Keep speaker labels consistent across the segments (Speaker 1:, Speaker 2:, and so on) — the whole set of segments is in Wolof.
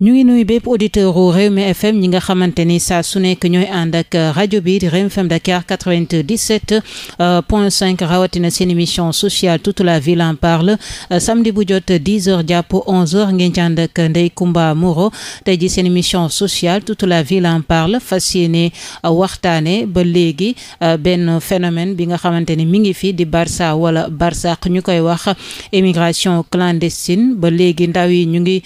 Speaker 1: ñu ngi nuyu bépp auditeurs u mi FM ñi nga xamante ni saa su nekk ñooy ànd ak euh, rajo bi di Rewmi FM Dakar 97 euh, point 5 rawatina seen émission sociale toute la ville en parle euh, samedi bu jot 10 heures jàpp 11 heures ngeen ci ànd ak Ndeye Comba Moreau tey ji seen mission sociale toute la ville en parle fas yéene waxtaane ba léegi benn phénomène bi nga xamante ni mi ngi fi di Barça wala Barsaq ñu koy wax émigration clandestine ba léegi ndaw yi ñu ngi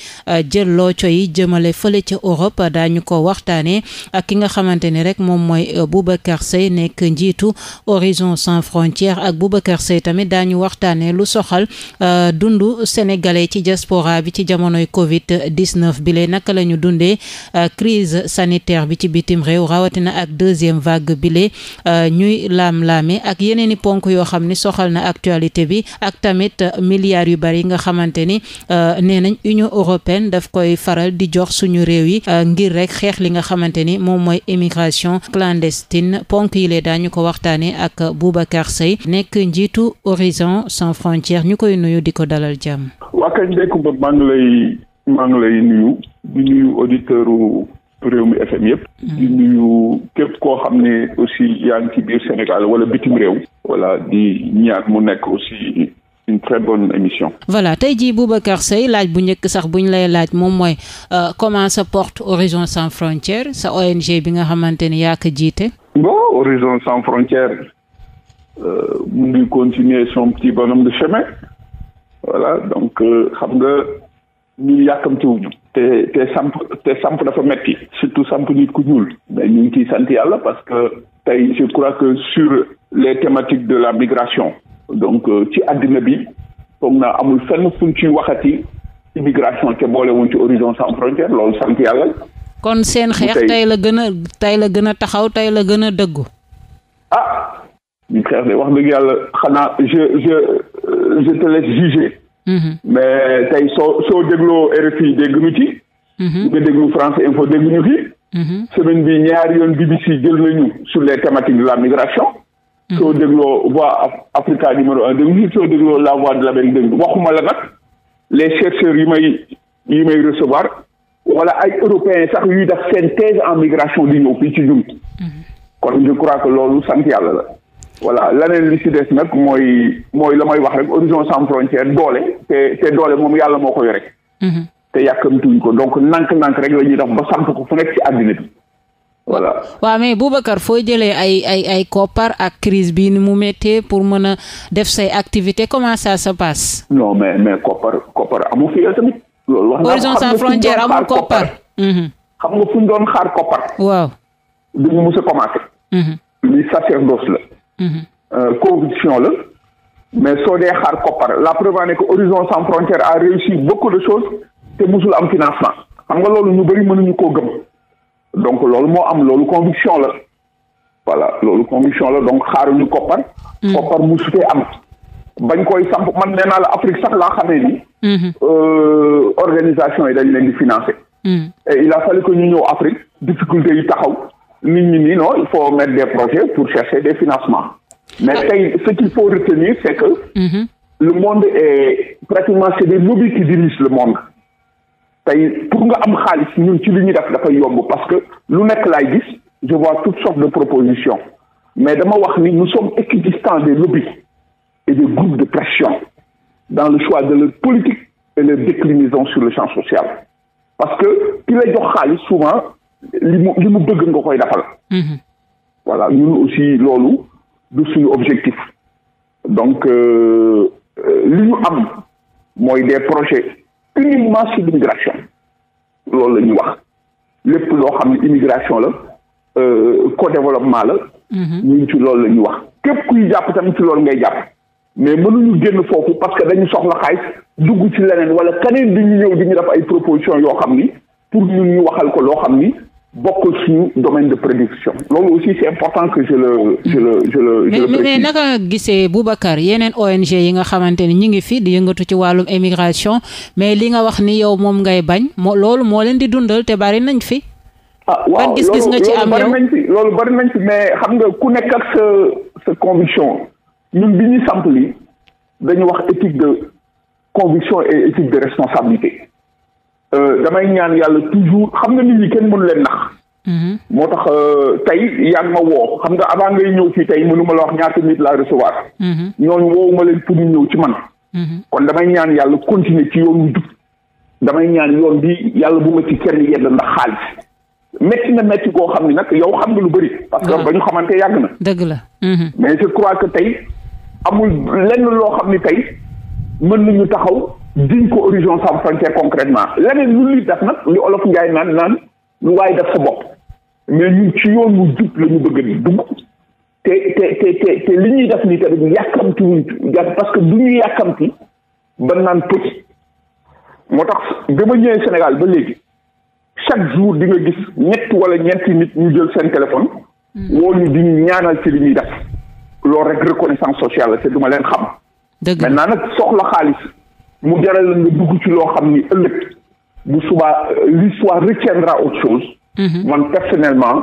Speaker 1: jël loo coy yi jëmale fële ca Europe daañu ko waxtaanee ak ki nga xamante ni rek moom mooy euh, Boubacar Seye nekk njiitu Horizon Sans Frontières ak Boubacar sey tamit daañu waxtaanee lu soxal euh, dundu sénégalais ci diaspora bi ci jamonoy Covid dix bi lee naka la ñu dundee euh, crise sanitaire bi ci bitim réew rawatina ak deuxième vague bi lee ñuy laam-laame ak yeneen i ponk yoo xam ni soxal na actualité bi ak tamit milliards yu bari nga xamante Union européenne daf koy faral. Sénégal di jox suñu réew yi euh, ngir rek xeex li nga xamante ni moom mooy immigration clandestine ponk yi lee daañu ko waxtaane ak Boubacar Seye nekk njiitu Horizon sans frontières ñu koy nuyu di ko dalal jàmm.
Speaker 2: waa kay ba maa ngi lay maa ngi lay nuyu di nuyu auditeur réew mi FM yëpp. Mm. di nuyu képp koo xam ne aussi yaa ngi ci biir Sénégal wala bitim réew. voilà di ñaan mu nekk aussi une très bonne émission.
Speaker 1: voilà tey jii Boubacar Seye laaj bu njëkk sax bu ñu lay laaj moom mooy euh, comment se porte Horizon sans frontières sa ONG bi nga xamante ni yaa ko jiite.
Speaker 2: bon Horizon sans frontières euh, mu ngi continuer son petit bonhomme de chemin voilà donc euh, xam nga ñu yàkkamtiwuñu. te te samp dafa metti surtout samp nit ku ñuul mais ñu ngi ciy sant yàlla parce que tey je crois que sur les thématiques de la migration donc euh, ci àddina bi foog na amul fenn fuñ ciy waxati immigration te boole wuñ ci horizon sans frontière loolu sant yàlla.
Speaker 1: kon seen xeex tey la gën a tey la gën a taxaw tey la gën a dëggu.
Speaker 2: ah ñu xeex de wax dëgg yàlla xanaa je je euh, je te laisse juger. Mhm. mais tey soo soo dégloo RFI dégg ñu ci. Mhm. nga déglu France Info dégg ñu ci. Mhm. semaine bi ñaari yoon BBC jël nañu sur les thématiques de la migration. Mm-hmm. soo dégloo voix Africa numéro un déglu soo dégloo la voix de l'Amérique déglu waxuma la nag les chercheurs yi may yi may recevoir wala ay européens sax yuy def seen thèse en migration di ñëw fii ci ñun mm-hmm. kon je crois que loolu sant yàlla la wala leneen li ci des nag mooy mooy la may wax rek horizon sans frontière doole te te doole moom yàlla moo koy rek mm-hmm. te yàkkamtuñ ko donc nank-nank rek la ñuy def ba samp ko fu nekk ci àddina bi voilà
Speaker 1: waaw mais Boubacar foo jëlee ay ay ay koppar ak crise bi ni mu méttee pour mën a def say activité comment ça
Speaker 2: se passe non mais mais koppar koppar amu fi yow tamit horizon sans frontière amul koppar mhm. xam nga fu ñu doon xaar koppar waaw dañu mos a commencé mhm. li sacerdoce la mhm. euh, conviction la mais soo dee xaar koppar la preuve ne que horizon sans frontière a réussi beaucoup de choses te mosul am financement xam nga loolu ñu bëri mënuñu ko gëm donc loolu moo am loolu conviction la voilà loolu conviction la donc xaaruñu koppar. Mm. koppar mu sutee am. bañ koy samp man nee naa la Afrique sax laa xamee ni. Mm-hmm. Euh, organisation yi dañ leen di financer. Mm. et il a fallu que ñu ñëw Afrique difficulté yi taxaw nit ñi nii non il faut mettre des projets pour chercher des financements. mais ah. tey ce qu'il faut retenir c'est que. Mm-hmm. le monde est pratiquement c'est des lobbies qui dirigent le monde. tey pour nga am xaalis ñun ci li ñuy def dafay yomb parce que lu nekk laay gis je vois toutes sortes de propositions mais dama wax ni nous sommes équidistants des lobbies et des groupes de pression dans le choix de leur politique et leur déclinaison sur le champ social parce que ki lay jox xaalis souvent li mu li mu bëgg nga koy defal mm-hmm. voilà ñun aussi loolu du suñu objectif donc euh, euh, li ñu am mooy des projets uniquement sur l'immigration loolu la ñuy wax lépp loo xam ne immigration la euh, co-développement la mhm. ñu ngi ci loolu la ñuy wax képp kuy jàpp tamit ci lool ngay jàpp mais mënuñu génn foofu parce que dañu soxla xaay dugg ci leneen wala keneen di ñu ñëw di ñu def ay proposition yoo xam ni pour ñun ñu waxal ko loo xam ni bokkul suñu domaine de prédiction loolu aussi c'est important que je le je le je le. je le précise mais
Speaker 1: naka gisee Boubacar yeneen ONG yi nga xamante ni ñu ngi fi di yëngatu ci wàllum émigration mais li nga wax ni yow moom ngay bañ moo loolu moo leen di dundal te bari nañ fi. ah waaw gis-gis nga ci am yow bari
Speaker 2: nañ fi loolu bari nañ fi mais xam nga ku nekk ak sa sa conviction ñun bi ñu samp li dañu wax éthique de conviction et éthique de responsabilité. Euh, damay ñaan yàlla toujours xam nga nit ñi kenn mënu leen nax. Mm-hmm. moo tax euh, tey yaa ngi ma woo xam nga avant ngay ñëw fii tey mënuma ma la wax ñaata nit laa recevoir. Mm-hmm. ñooñu woowu ma leen pour ñu ñëw ci man. Mm-hmm. kon damay ñaan yàlla continuer ci yoon wu jub damay ñaan yoon bi yàlla bu ma ci kenn yedd ndax xaalis métti na métti koo xam ne nag yow xam nga lu bëri. parce ba ñu xamante yàgg na. dëgg la. mais je crois que tey amul lenn loo xam ne tey mën nañu taxaw. diñ ko horizon sans frontière concrètement leneen lu ñuy def nag li olof Njaay naan naan lu waaye def sa bopp mais ñun ci yoon wu jub la bëgg ni dugg te te te te li ñuy def nii tamit yàkkamti wuñ parce que du ñu yàkkamti ba naan petit moo tax ba ñëwee Sénégal ba léegi chaque jour di nga gis ñett wala ñeenti nit ñu jël seen téléphone hmm. woo di ñu ñaanal ci li ñuy def loolu rek reconnaissance sociale la te du leen xam maintenant nag soxla xaalis mu jaral la nga dugg ci loo xam ni ëllëg bu subaa euh, l'histoire retiendra autre chose. Mhm. man personnellement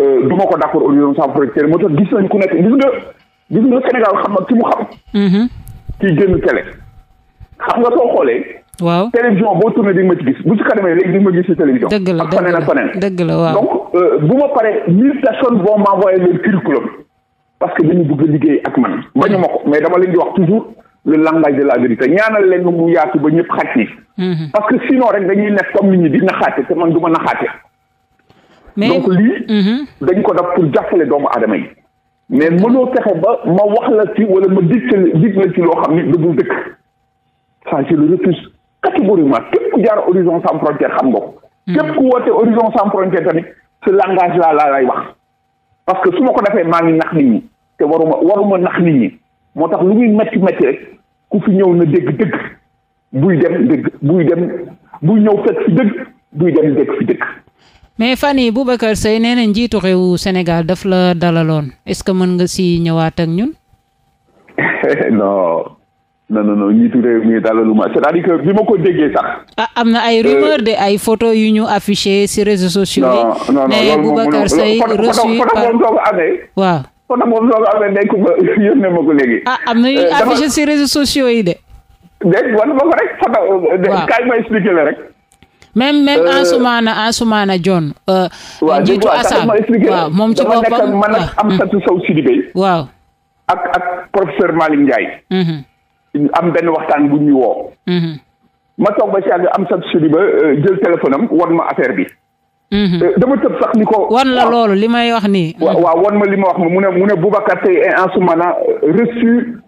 Speaker 2: euh, du ma ko d' accord au niveau sans frontière moo tax gis nañ ku nekk gis nga gis nga Sénégal xam na ki mu xam. Mhm. kiy génn télé. xam nga soo xoolee. waaw télévision boo tourné di nga ma ci gis bu ci kanamee léegi di nga ma gis ci télévision. dëgg la dëgg la ak donc euh, bu ma paree mille personnes vont m'envoyer le curriculum. parce que dañu bëgg liggéey ak man bañu ma ko mais dama leen di wax toujours. le langage de la vérité ñaanal leen mu yaatu ba ñëpp xaj ni mhm. parce que sinon rek dañuy nekk comme nit ñi di naxaate te man du ma naxaate donc lii mhm. dañ ko def pour jàppale doomu aadama yi mais mënoo fexe ba ma wax la ci wala ma dig dig la ci loo xam ni dëggul dëkk ça je le refuse catégoriquement képp ku jaar horizon sans frontière xam nga ko mhm. képp ku woote horizon sans frontière tamit ce langage là laa lay wax parce que su ma ko defee maa ngi nax nit ñi te waruma waruma nax nit ñi moo tax lu muy metti metti rek ku fi ñëw na dégg dëgg buy dem dëgg buy dem buy ñëw fekk fi dëgg buy dem dégg fi dëgg.
Speaker 1: mais fan yi Boubacar Seye nee na njiitu réewu Sénégal daf la dalaloon est-ce que mën nga si ñëwaat ak ñun.
Speaker 2: non non non non njiitu réew mi dalaluma c'est-à-dire que bi ma ko déggee sax.
Speaker 1: ah am na ay euh, rumeur de ay photo yu ñu affiché si réseaux sociaux yi. non non non loolu moom Boubacar Seye
Speaker 2: kon nag moom soo ko amee nekk ba yónnee ma léegi. a ah, am na ñuy si eh, réseaux sociaux yi de. dégg nga wan ma ko rek waaw ma expliqué la rek.
Speaker 1: même même euh, Ansoumana Ansoumana Dione. Euh, waaw jiitu Assane waaw moom ci boppam dama nekk man ak
Speaker 2: Amsatou Sow Sidibé. Mm-hmm. waaw. ak ak professeur Malick
Speaker 3: mm-hmm.
Speaker 2: am benn waxtaan bu ñu woo. Mm-hmm. ma toog ba si àgg Amsatou Sidibé euh, jël téléphone am ma affaire bi. Mm-hmm. Eh, dama tëb sax ni ko. wan la loolu li may wax nii. waaw wan ma li ma wax ma mu ne mu ne Boubacar Seye est en ce moment reçu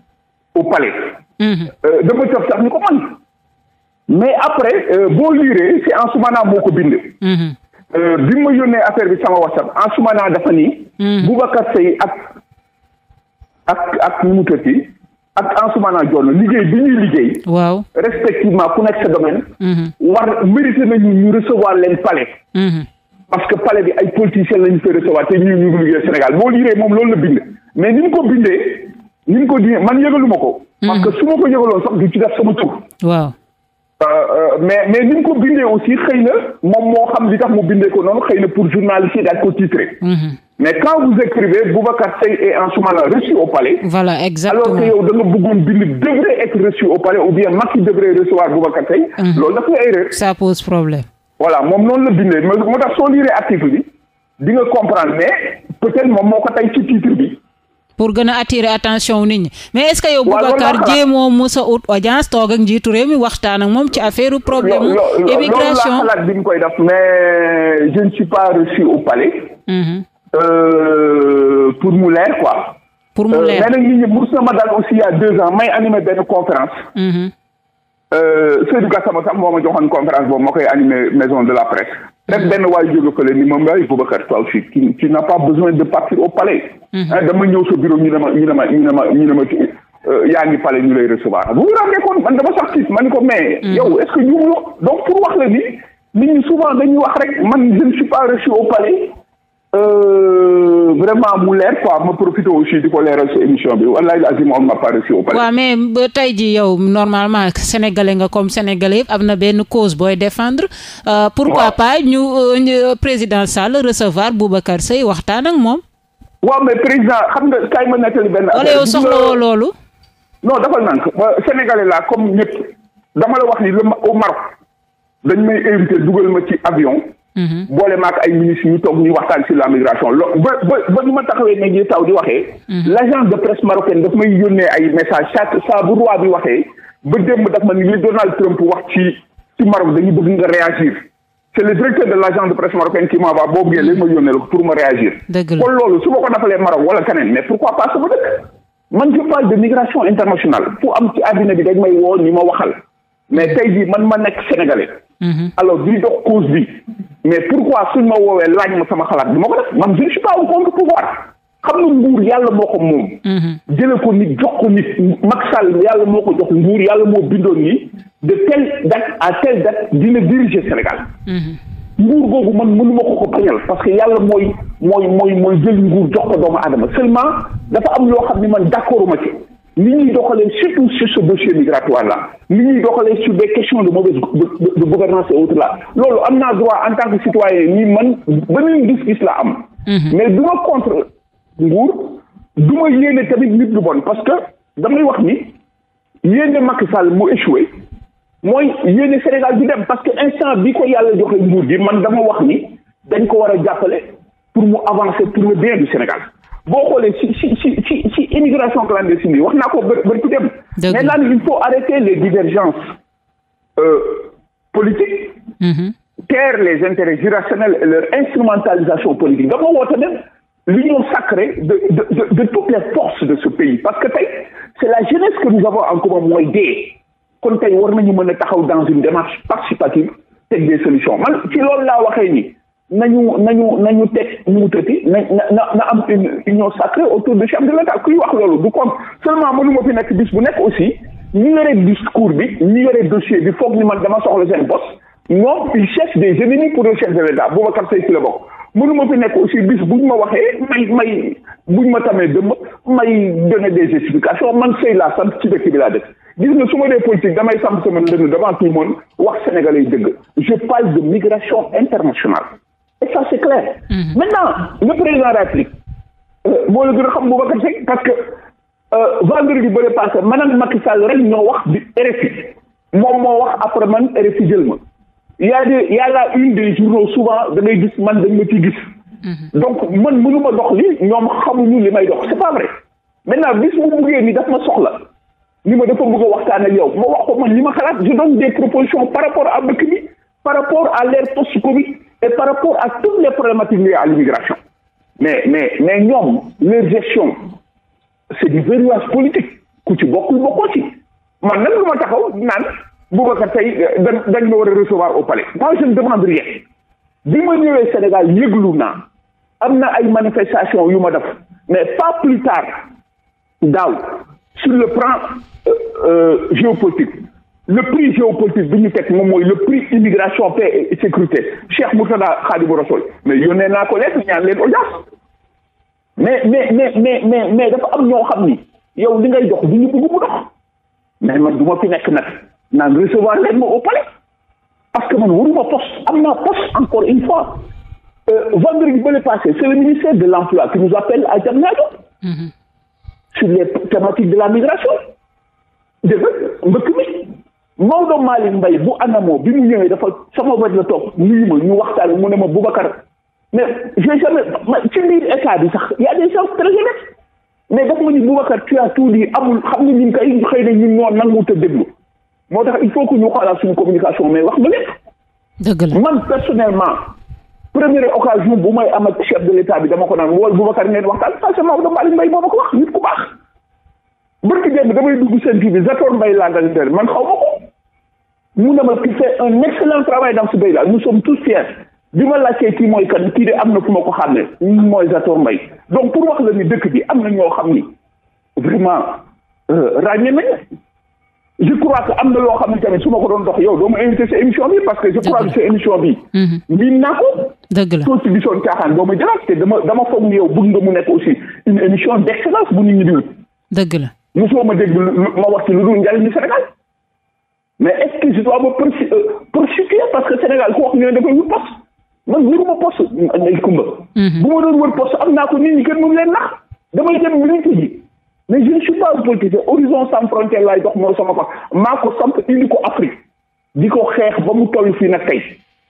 Speaker 2: au palais. Mm-hmm. Euh, dama tëb sax ni ko man mais après euh, boo liiree c'est Ansoumana moo ko bind. Mm-hmm. Euh, bi ma yónnee affaire bi sama WhatsApp Ansoumana dafa nii. Boubacar Seye ak ak ak nu mu tëdd ak Ansoumana Dione liggéey bi ñuy liggéey. waaw respectivement ku nekk sa domaine. Mhm. war mérité nañu ñu recevoir leen palais. Mhm. parce que palais bi ay politiciens lañu fay recevoir te ñun ñu ngi liggéey Sénégal boo liiree moom loolu la bind. mais ni ko bindee ni ko bindee man yëgaluma ko. Mhm. parce que su ma ko yëgaloon sax du ci def sama tur. waaw. Euh, euh, mais mais ni ñu ko bindee aussi xëy na moom moo xam li tax mu bindee ko noonu xëy na pour journaliste yi daal ko titré. mais quand vous écrivez Boubacar Seye est en ce moment-là reçu au palais. voilà exactement alors que yow da nga bëggoon bind devrait être reçu au palais ou bien Macky devrait recevoir Boubacar Seye. Mhm. loolu dafa erreur. ça pose problème. voilà moom noonu la bindee moo tax soo lire bi di nga comprendre mais peut-être moom moo ko tey ci titre bi.
Speaker 1: pour gën a attirer attention nit ñi mais est-ce que yow Boubacar jéemoo Moussa ut audience toog ak njiitu réew mi waxtaan ak moom ci affaire problème immigration loolu
Speaker 2: laa xalaat bi ñu koy def mais je ne suis pas reçu Euh, pour mu leer quoi. pour mu leer euh, mais nag nit ñi mos aussi il y a deux ans may animé benn conférence. Mm-hmm. Euh, Seydou Gassama sax moo ma joxoon conférence boobu ma koy animé maison de la presse. rek mm-hmm. benn waay jóge fële ni moom ay Boubacar toi aussi tu tu n'as pas besoin de partir au palais. Mm-hmm. dama ñëw sa bureau ñu ne ma ñu ne ma ñu ne ma ñu ne ma yaa ngi palais ñu lay recevoir. bu ñu rendee compte man dama sax tiit ma ni ko mais. yow est-ce que ñu pour wax la ni nit ñi souvent dañuy wax rek man je ne suis pas Euh, vraiment mu leer ko ma profité aussi di ko leeral si émission bi wallaay lazim on m'a pas reçu au palais.
Speaker 1: waaw mais ba tey ji yow normalement sénégalais nga comme sénégalais am na benn cause booy défendre. Euh, pourquoi pas ñu euh, président Sall recevoir Boubacar Seye waxtaan ak moom.
Speaker 2: waaw mais président xam nga kay ma nettali benn. wala yow soxlawoo loolu. non dafa nànk sénégalais laa comme ñëpp dama la wax ni le au dañ may invité dugal ma ci avion. Mm-hmm. boole maak ay ministres yu toog ñuy waxtaan sur la migration lo ba ba ba ñu ma taxawee ne ji taw di waxee mm-hmm. l' agence de presse marocaine daf may yónnee ay message chaque saa bu roi bi waxee ba démb daf ma ni li Donald Trump wax ci ci Maroc dañu bëgg nga réagir c' est le directeur de l' agence de presse marocaine boobu ngeen léegi ma yónnee la pour ma réagir kon loolu su ma ko defalee Maroc wala keneen mais pourquoi pas sama dëkk man je de migration am ci àddina bi dañ may woo ni ma waxal mais tey jii man ma nekk sénégalais Mhm. alors duy dox cause bi mais pourquoi suñ ma woowee laaj ma sama xalaat bi ma ko def man je ne suis pas au contre xam na nguur yàlla moo ko moom mhm. jële ko nit jox ko nit Macky Sall yàlla moo ko jox nguur yàlla moo bindoon ni de telle date à telle date dina diriger Sénégal mhm. nguur googu man mënuma ko ko bañal parce que yàlla mooy mooy mooy mooy jël nguur jox ko doomu adama seulement dafa am loo xam ni man d'accorduma ci ni ñuy doxalee surtout sur ce dossier migratoire là ni ñuy doxalee sur des questions de mauvaise de gouvernance et autres là loolu am naa droit en tant que citoyen ni man ba gis-gis la am mhm. mais du ma contre nguur du ma yéene tamit nit lu bon parce que damay wax ni yéene Macky Sall mu échoué mooy yéene Sénégal di dem parce que instant bi ko yàlla joxe nguur gi man dama wax ni dañ ko war a jàppale pour mu avancer pour le bien du Sénégal boo xoolee si si si si si immigration clandestine bi wax naa ko bër ko dem mais naan il faut arrêter les divergences euh, politiques mm -hmm. taire les intérêts irrationnels et leur instrumentalisation politique dama woote dem l'union sacrée de de de de toutes les forces de ce pays parce que tey c'est la jeunesse que nous avons en commun mooy dee kon tey war nañu mën a taxaw dans une démarche participative teg des solutions man ci loolu laa waxee ni nañu nañu nañu teg nu mu tëddi na na na am une union sacrée autour du chef de l'État kuy wax loolu du comme seulement mënu ma fi nekk bis bu nekk aussi ñu yore discours bi ñu yëre dossier bi foog ni man dama soxla seen bos ñoom ils cherchent des ennemis pour le chef de l'État Boubacar Seye ci la bokk mënu ma fi nekk aussi bis buñ ma waxee may may buñ ma tamee dëmb may donner des explications man Seye laa sant ci dëkk bi laa def gis nga su ma dee politique damay samp sama dënn devant tout le monde wax et ça c'est clair. Mm -hmm. maintenant le président de la République euh, moo la gën a xam Boubacar Sèye parce que euh, vendredi bële passé maanaam Macky Sall rek ñoo wax bi RFI moom moo wax après man RFI ma y a des y a là une des journaux souvent da ngay gis man dañ ma ciy gis. Mhm. donc man mënuma dox li ñoom xamuñu li may dox c'est pas vrai maintenant bis mu buggee ni daf ma soxla ni ma dafa bëgg a waxtaan ak yow ma wax ko man li ma xalaat je donne des propositions par rapport à dëkk bi par rapport à l'ère et par rapport à toutes les problématiques liées à l'immigration. mais mais mais ñoom leur gestion c'est du verrouillage politique ku ci bokkul bokkoo ci man nag lu ma taxaw naan Boubacar tey euh, dañ dañ ma war a recevoir au palais moi je ne demande rien bi ma ñëwee Sénégal yëglu naa am na ay manifestations yu ma def mais pas plus tard daaw sur le plan euh, euh, géopolitique le prix géopolitique bi ñu teg moom mooy le prix immigration paix et sécurité Cheikh Mourtada Khadimou Rassoul mais yónnee naa ko lettre ñaan leen audience mais mais mais mais mais mais dafa am ñoo xam ni yow li ngay dox du ñu bëgg mu dox mais man du ma fi nekk nag nan recevoir leen ma au palais parce que man waruma poste am naa poste encore une fois euh, vendredi bële passé c'est le ministère de l'emploi qui nous appelle à Diamniadio mm-hmm. sur les thématiques de la migration dégg nga mbëkk mi Maodo Malick Mbaye bu Anamo bi mu ñëwee dafa sama wet la toog nuyu ma ñu waxtaan mu ne ma Boubacar mais j'ai jamais ci biir état bi sax y a des choses très honnêtes mais daf ma ñu Boubacar tu as tout dit amul xam nga ñun kay xëy na ñun ñoo nangu te déglu moo tax il faut que ñu xoolaat suñu communication mais wax ma lépp. dëgg la man personnellement première occasion bu may am ak chef de état bi dama ko naan wool Boubacar ngeen waxtaan parce que Maodo Malick Mbaye baax. barki démb damay dugg seen kii bi Zator Mbaye laa nga leen man xaw ma ko mu ne ma ki fait un excellent travail dans ce pays là nous sommes tous fiers bi ma laajtee kii mooy kan kii de am na fu ma ko xàmmee mooy Zator Mbaye donc pour wax la ni dëkk bi am na ñoo xam ni vraiment euh, ràññee nañu je crois am na loo xam ne su ma ko doon dox yow doo ma invité sa que je crois que sa émission bi mhm. miin ma jëlaat dama dama foog ni bëgg nga mu nekk aussi une émission d' excellence bu nit ñi di dëgg la mosoo ma dégg ma wax ci lu dul Sénégal mais est-ce que je dois me euh, parce que Sénégal ku wax ñu ne dafay wut poste man wëruma poste ay kumba mhm. bu ma doon wër poste am naa ko nit ñi kenn na leen nax damay dem milité ji mais je ne suis pas horizon sans frontière laay dox moo sama ko maa ko samp indi ko Afrique di ko xeex ba mu toll fii nag tey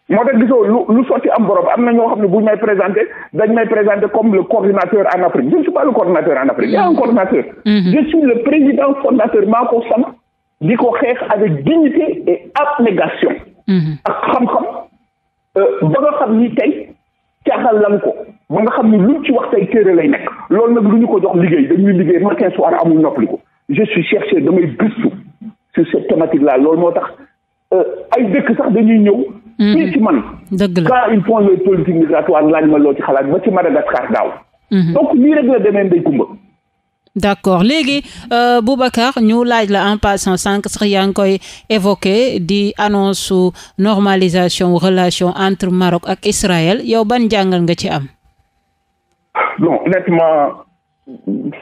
Speaker 2: moo tax gisoo lu lu sotti am borom am na ñoo xam ne bu ñu may présenté dañ may présenté comme le coordinateur en Afrique je ne suis pas le coordinateur en Afrique il y a un coordinateur. Mm-hmm. je suis le président fondateur maa ko sama di ko xeex avec dignité et abnégation. Mm-hmm. ak xam-xam euh, ba nga xam ni tey caaxal lan ko ba nga xam ni luñ ci wax tey téere lay nekk loolu nag lu ko jox liggéey dañuy liggéey matin soir amul noppaliku je suis chercheur damay gëstu sur cette thématique loolu moo tax euh, ay dëkk sax dañuy ñëw. fii mm-hmm. ci man quand ils font les laaj ma loo ci xalaat ci Madagascar daaw mm-hmm. donc lii rek la demee ndey kumba
Speaker 1: d'accord léegi euh, Boubacar ñu laaj la en passant sànq sax yaa ngi koy évoqué di annonce su normalisation relation entre Maroc ak Israël yow ban jàngal nga ci am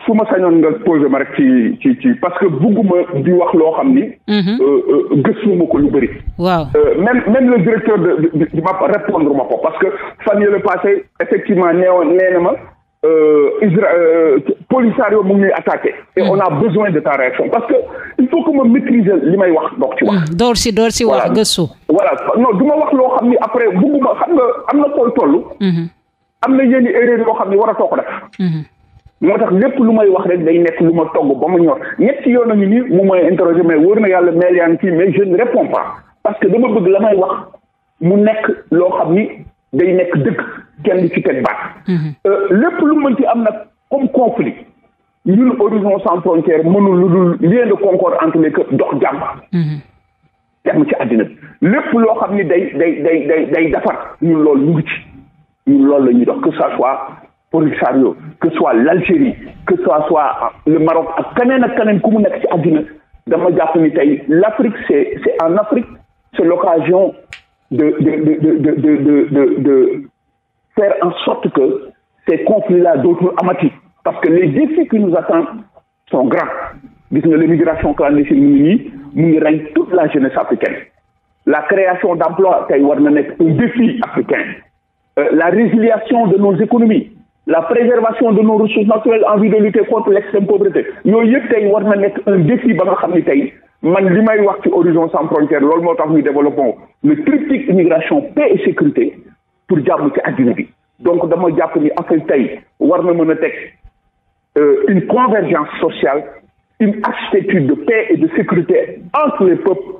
Speaker 2: su ma sañoon nga posé ma rek ci ci parce que bugguma di wax loo xam ni. Mhm. Euh, euh, gëstu ko lu bëri. waaw euh, même même le directeur de de de ma répondre ma ko parce que fan yële passé effectivement nee woon nee na ma. Israël Polisario mu ngi ñuy attaqué. et mhm. on a besoin de ta réaction parce que il faut que ma maîtriser li may wax doog ci wax. Mhm. door si door si wax gëstu. voilà non du wax loo xam ni après bugguma xam nga am na koy toll. am na yenn erreur yoo xam ni war a toog def. moo tax lépp lu may wax rek day nekk lu ma togg ba mu ñor ñetti yoon a ngi nii mu may interroger mais wóor na yàlla mail yaa ngi mais je ne parce que dama bëgg la may wax mu nekk loo xam ni day nekk dëgg kenn du ci teg baat. Mm-hmm. Euh, lépp lu mën ci am nag comme conflit ñun horizon sans frontière mënul lu dul lien de concorde entre les que dox jàmm. Mm-hmm. dem ci addina bi lépp loo xam ni day day day day day defar ñun loolu ñu ngi ci ñun loolu la ñuy dox que ça soit. Polisario que soit l'Algérie que soit soit le Maroc a keneen ak keneen ku mu nekk ci àddina dama jàpp ni tey l'Afrique c'est c'est en Afrique c'est l'occasion de de de de de de faire en sorte que ces conflits-là dootul amati parce que les défis qui nous attendent sont grands gis nga l'immigration clandestine mu ngi nii toute la jeunesse africaine la création d'emplois tey war na un défi africain euh, la résiliation de nos économies la préservation de nos ressources naturelles en vue de lutter contre l'extrême pauvreté yooyu yëpp tey war na nekk un défi ba nga xam ni tey man li may wax ci horizon sans frontières loolu moo tax ñu développons le triptyque immigration paix et sécurité pour jàmm ci àddina donc dama jàpp ni Afrique tey war na mën a teg euh, une convergence sociale une architecture de paix et de sécurité entre les peuples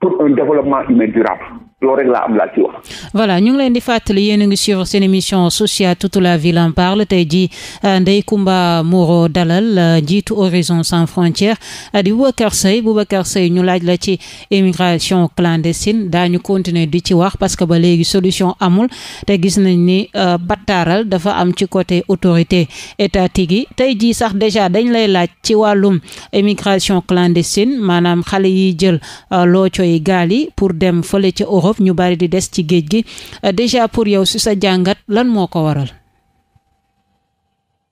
Speaker 2: pour un développement humain durable loolu
Speaker 1: voilà ñu ngi leen di fàttali yéen a ngi suivre seen émission sociale toute la ville en parle tey jii euh, Ndeye Comba Moreau dalal euh, njiitu Horizon Sans Frontières euh, di Boubacar Seye Boubacar Seye ñu laaj la ci immigration clandestine daañu continuer di ci wax parce que ba léegi solution amul te gis nañ ni battaaral dafa am ci côté autorité étatique tigi tey jii sax déjà dañ lay laaj ci wàllum immigration clandestine maanaam xale yiy jël loo cooy gaal yi pour dem fële ci Europe. boof ñu bari di des ci géej gi euh, déjà pour yow si sa jàngat lan moo ko waral.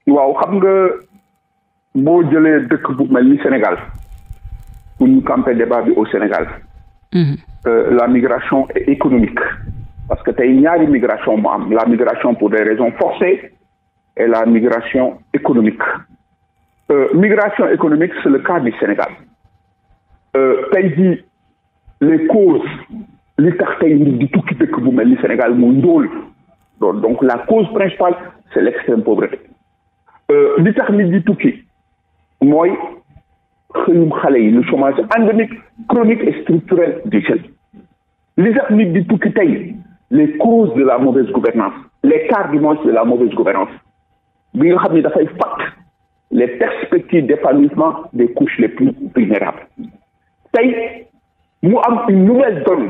Speaker 2: waaw xam nga boo jële dëkk bu mel ni Sénégal pour ñu camper débat bi au Sénégal. Mhm. Euh, la migration est économique parce que tey ñaari migration mu am la migration pour des raisons forcées et la migration économique euh, migration économique c'est le cas du Sénégal tey euh, jii les li tax tey nit di tukki dëkk bu mel ni Sénégal muy ndóol doon donc la cause principale c'est l'extrême pauvreté euh, li tax nit di tukki mooy xëyum xale yi le chômage endémique chronique et structurel des jeunes li tax nit di tukki tey les causes de la mauvaise gouvernance les quarts du manche de la mauvaise gouvernance bi nga xam ni dafay fàtt les perspectives d'épanouissement des couches les plus vulnérables tey mu am une nouvelle donne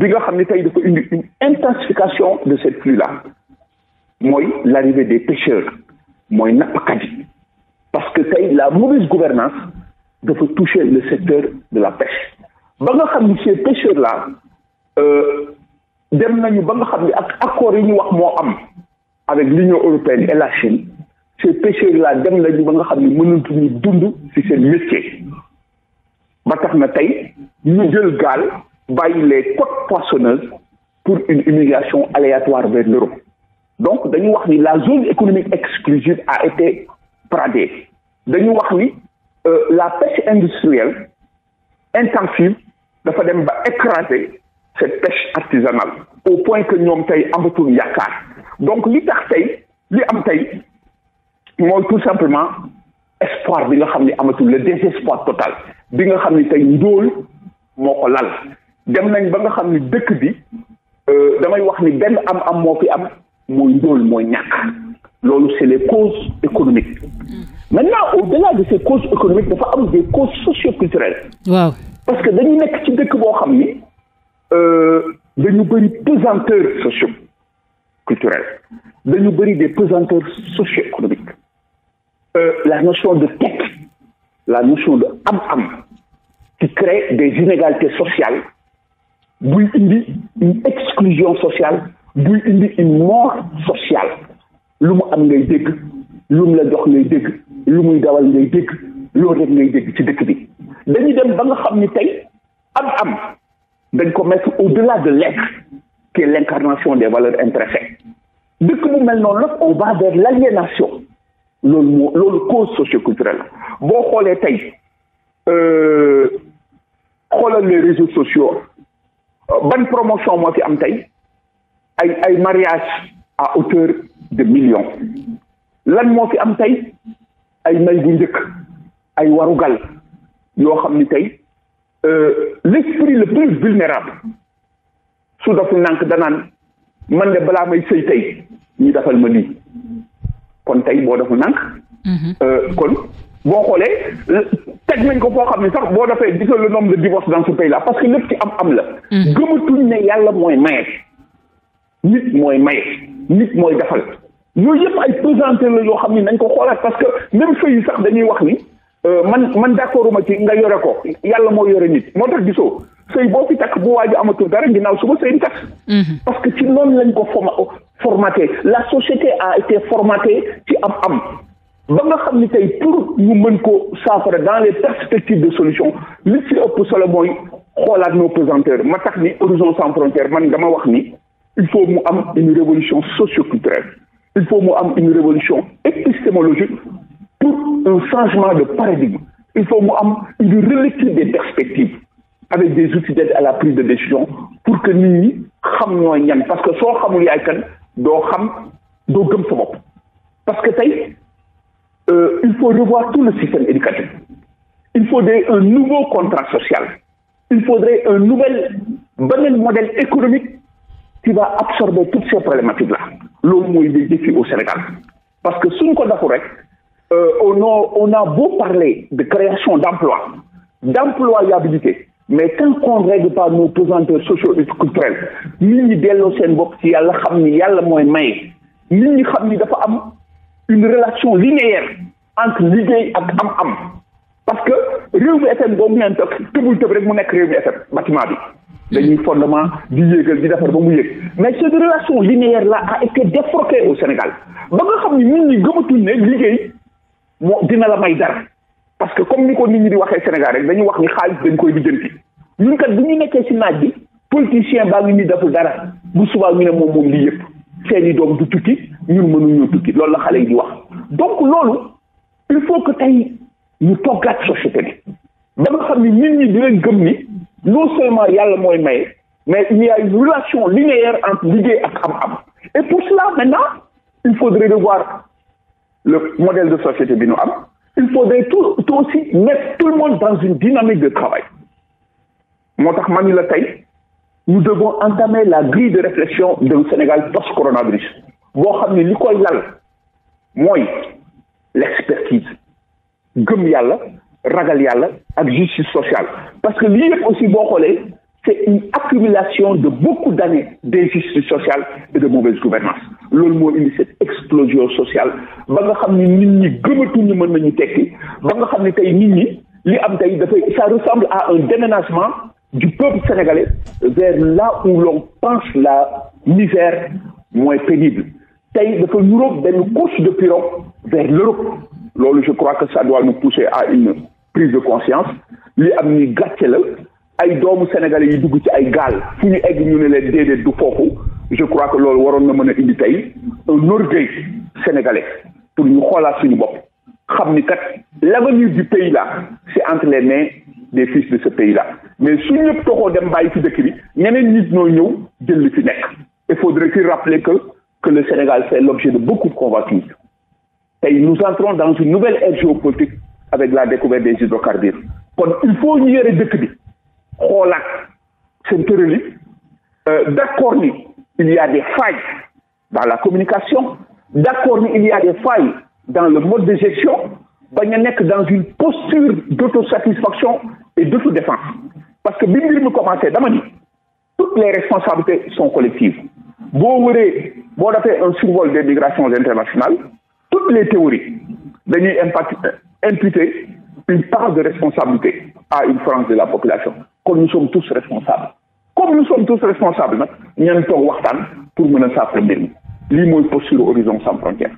Speaker 2: bi nga xam ne tey dafa indi une intensification de cette pluie là mooy l'arrivée des pêcheurs mooy nappkat yi parce que tey la mauvaise gouvernance dafa toucher le secteur de la pêche ba nga xam ne ces pêcheurs là euh, dem nañu ba nga xam ne ak accords yi ñu wax moo am avec l'Union européenne et la Chine ces pêcheurs là dem nañu ba nga xam ne mënatuñu dund ci seen métier ba tax na tey ñu jël gaal bàyyi les côtes poissonneuses pour une immigration aléatoire vers l'Europe donc dañu wax ni la zone économique exclusive a été bradée dañu wax ni euh, la pêche industrielle intensive dafa dem ba écraser cette pêche artisanale au point que ñoom tey amatul yaakaar donc li tax tey li am tey mooy tout simplement espoir bi nga xam ni amatul le désespoir total bi nga xam ni tey ndóol moo ko lal dem nañ ba nga xam ni dëkk bi euh, damay wax ni benn am-am moo fi am mooy ndóol mooy ñàkk loolu c'est les causes économiques mm. maintenant au-delà de ces causes économiques dafa am des causes socio-culturelles. parce que dañu nekk ci dëkk boo xam ni euh, dañu bëri pesanteur socio-culturelle dañu bëri des pesanteurs socio-économiques euh, la notion de tête la notion de am-am qui crée des inégalités sociales buy indi une exclusion sociale buy indi une mort sociale lu mu am ngay dégg lu mu la jox ngay dégg lu muy dawal ngay dégg loolu rek ngay dégg ci dëkk bi dañu dem ba nga xam ni tey am am dañ ko mettre au-delà de l'être qui l'incarnation des valeurs intrinsèques dëkk bu mel noonu nag on va vers l'aliénation loolu moo loolu cause socioculturelle la boo xoolee tey euh, xoolal les réseaux sociaux ban promotion moo fi am tey ay ay mariage à hauteur de millions lan moo fi am tey ay may bu njëkk ay warugal yoo xam ni tey euh, l'esprit le plus vulnérable su dafu nànk danaan man de balaa may sëy tey ñu defal ma lii kon tey boo dafu nànk mhm. euh, kon boo xoolee teg nañ ko foo xam ne sax boo defee gisal le nombre de divorces dans ce pays là parce que lépp ci am am la. Mm. gëmatuñ ne yàlla mooy maye. nit mooy maye nit mooy defal yooyu yëpp ay présenté la yoo xam ni nañ ko xoolaat parce que même feuille yi sax dañuy wax ni euh, man man d'accorduma ci nga yore ko yàlla moo yore nit moo tax gisoo sëy boo fi takk bu waaju amatul dara ginnaaw suba sëy di takk mm-hmm. parce que ci noonu lañ ko formaté la société a été formatée ci am am ba nga xam ni tey pour ñu mën ko saafara dans les perspectives de solution li ci ëpp solo mooy xoolaat nos pesanteurs ma tax ni horizon sans frontières man dama wax ni il faut mu am une révolution socioculturelle il faut mu am une révolution épistémologique pour un changement de paradigme il faut mu am une relecture des perspectives avec des outils d'aide à la prise de décision pour que nit ñi xam ñooy ñan parce que soo xamul yaay kan doo xam doo gëm sa bopp euh, il faut revoir tout le système éducatif. Il faudrait un nouveau contrat social. Il faudrait un nouvel beneen modèle économique qui va absorber toutes ces problématiques-là. loolu mooy des défis au Sénégal parce que suñ ko deful rek euh, on a on a beau parler de création d'emploi d'employabilité mais tant qu'on règle pas nos pesanteurs sociaux et culturels nit ñi delloo seen bopp ci yàlla xam ni yàlla mooy may nit ñi xam ni dafa une relation linéaire entre liggéey ak am-am parce que Rewmi FM boobu ngeen toog tëbul tëb rek mu nekk réew FM bâtiment dañuy fondement di yéegal di defar ba mu yéeg mais cette relation linéaire là a été défroquée au Sénégal ba nga xam ni nit ñi gëmatul ne liggéey moo dina la may dara parce que comme ni ko nit ñi di waxee Sénégal rek dañu wax ni xaalis dañ koy lijjanti ñun kat ñu nekkee si naaj bi politicien baa ngi ni deful dara bu subaa ñu ne moom moom lii yëpp seeni doom du tukki ñun loolu la xale yi di wax donc loolu il faut que tey ñu toggaat société bi ba nga xam ni nit ñi gëm ni non seulement yàlla mooy maye mais il y a une relation linéaire entre liggéey ak am-am et pour cela maintenant il faudrait revoir le modèle de société bi ñu am il faudrait tout tout aussi mettre tout le monde dans une dynamique de travail moo tax ma ni la tey nous devons entamer la grille de réflexion d'un Sénégal post-coronavirus boo xam ne li koy lal mooy l'expertise gëm yàlla ragal yàlla ak justice social parce que lii yëpp aussi boo xoolee c'est une accumulation de beaucoup d'années d'injustice sociale et de mauvaise gouvernance loolu moo indi cette explosion sociale ba nga xam ni nit ñi gëmatuñu mën nañu tekki ba nga xam ni tey nit ñi li am tey dafay ça ressemble à un déménagement du peuple sénégalais vers là où l'on pense la misère moins pénible tey dafa ñuróog benn course de pirogue vers l'Europe loolu je crois que ça doit nous pousser à une prise de conscience li am ni gàcce la ay doomu sénégalais yi dugg ci ay gaal fu ñu egg ñu ne leen déedéet du foofu je crois que loolu waroon na mën a indi tey un orgueil sénégalais pour ñu xoolaat suñu bopp xam ni kat l'avenir du pays là c'est entre les mains des fils de ce pays là mais su ñëpp toxoo dem bàyyi ci dëkk bi ñeneen nit ñoo ñëw jël li fi nekk il faudrait qu'il rappeler que que le Sénégal fait l'objet de beaucoup de convoitises. Et nous entrons dans une nouvelle ère géopolitique avec la découverte des hydrocarbures. kon il faut ñu yore dëkk bi xoolaat seen tërëli euh, d'accord ni il y a des failles dans la communication d'accord ni il y a des failles dans le mode de gestion bañ a nekk dans une posture d'autosatisfaction et d'autodéfense parce que bi mbir mi commencé dama ni toutes les responsabilités sont collectives boo wëree boo defee un survol des migrations internationales toutes les théories dañuy imputer une part de responsabilité à une frange de la population kon nous sommes tous responsables comme nous sommes tous responsables nag ñan toog waxtaan pour mën a saafara mbir mi lii mooy posture Horizon sans frontières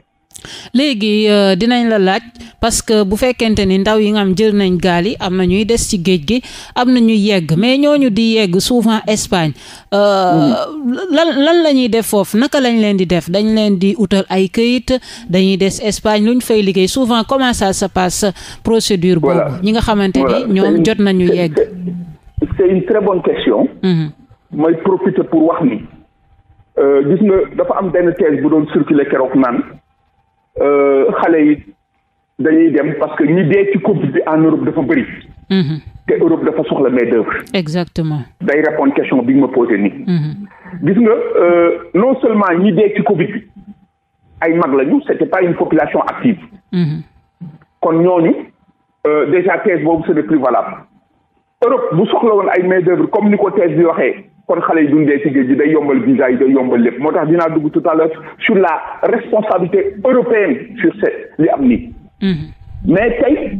Speaker 1: léegi euh, dinañ la laaj parce que bu fekkente ni ndaw yi nga am jël nañ gaal yi am na ñuy des ci géej gi am na ñuy yegg mais ñoo ñu di yegg souvent Espagne euh, mm. lan lan la ñuy def foofu naka lañ leen di def dañ leen di utal ay këyit dañuy des Espagne lu ñu fay liggéey souvent comment ça se passe procédure voilà. ñi nga xamante voilà. ni ñoom jot nañu yegg
Speaker 2: c'est une très mm-hmm. profiter pour wax ni euh, gis nga dafa am benn thèse bu doon circuler keroog naan Euh, xale yi dañuy dem parce que ñi dee ci Covid bi en Europe dafa bëri. Mhm. te Europe dafa soxla main d'œuvre.
Speaker 3: exactement
Speaker 2: day répondre question bi nga ma posé nii.
Speaker 3: Mhm.
Speaker 2: gis nga euh, non seulement ñi dee ci Covid bi ay mag lañu c'était pas une population active. Mhm. kon ñooñu euh, déjà thèse boobu ce n'est plus valable. Europe bu soxla woon ay main comme ni ko thèse bi waxee. kon xale yi dundee ci géej gi day yombal visa yi day yombal lépp moo tax dinaa dugg tout à l'heure la responsabilité européenne sur ce li am nii. Mhm. mais tey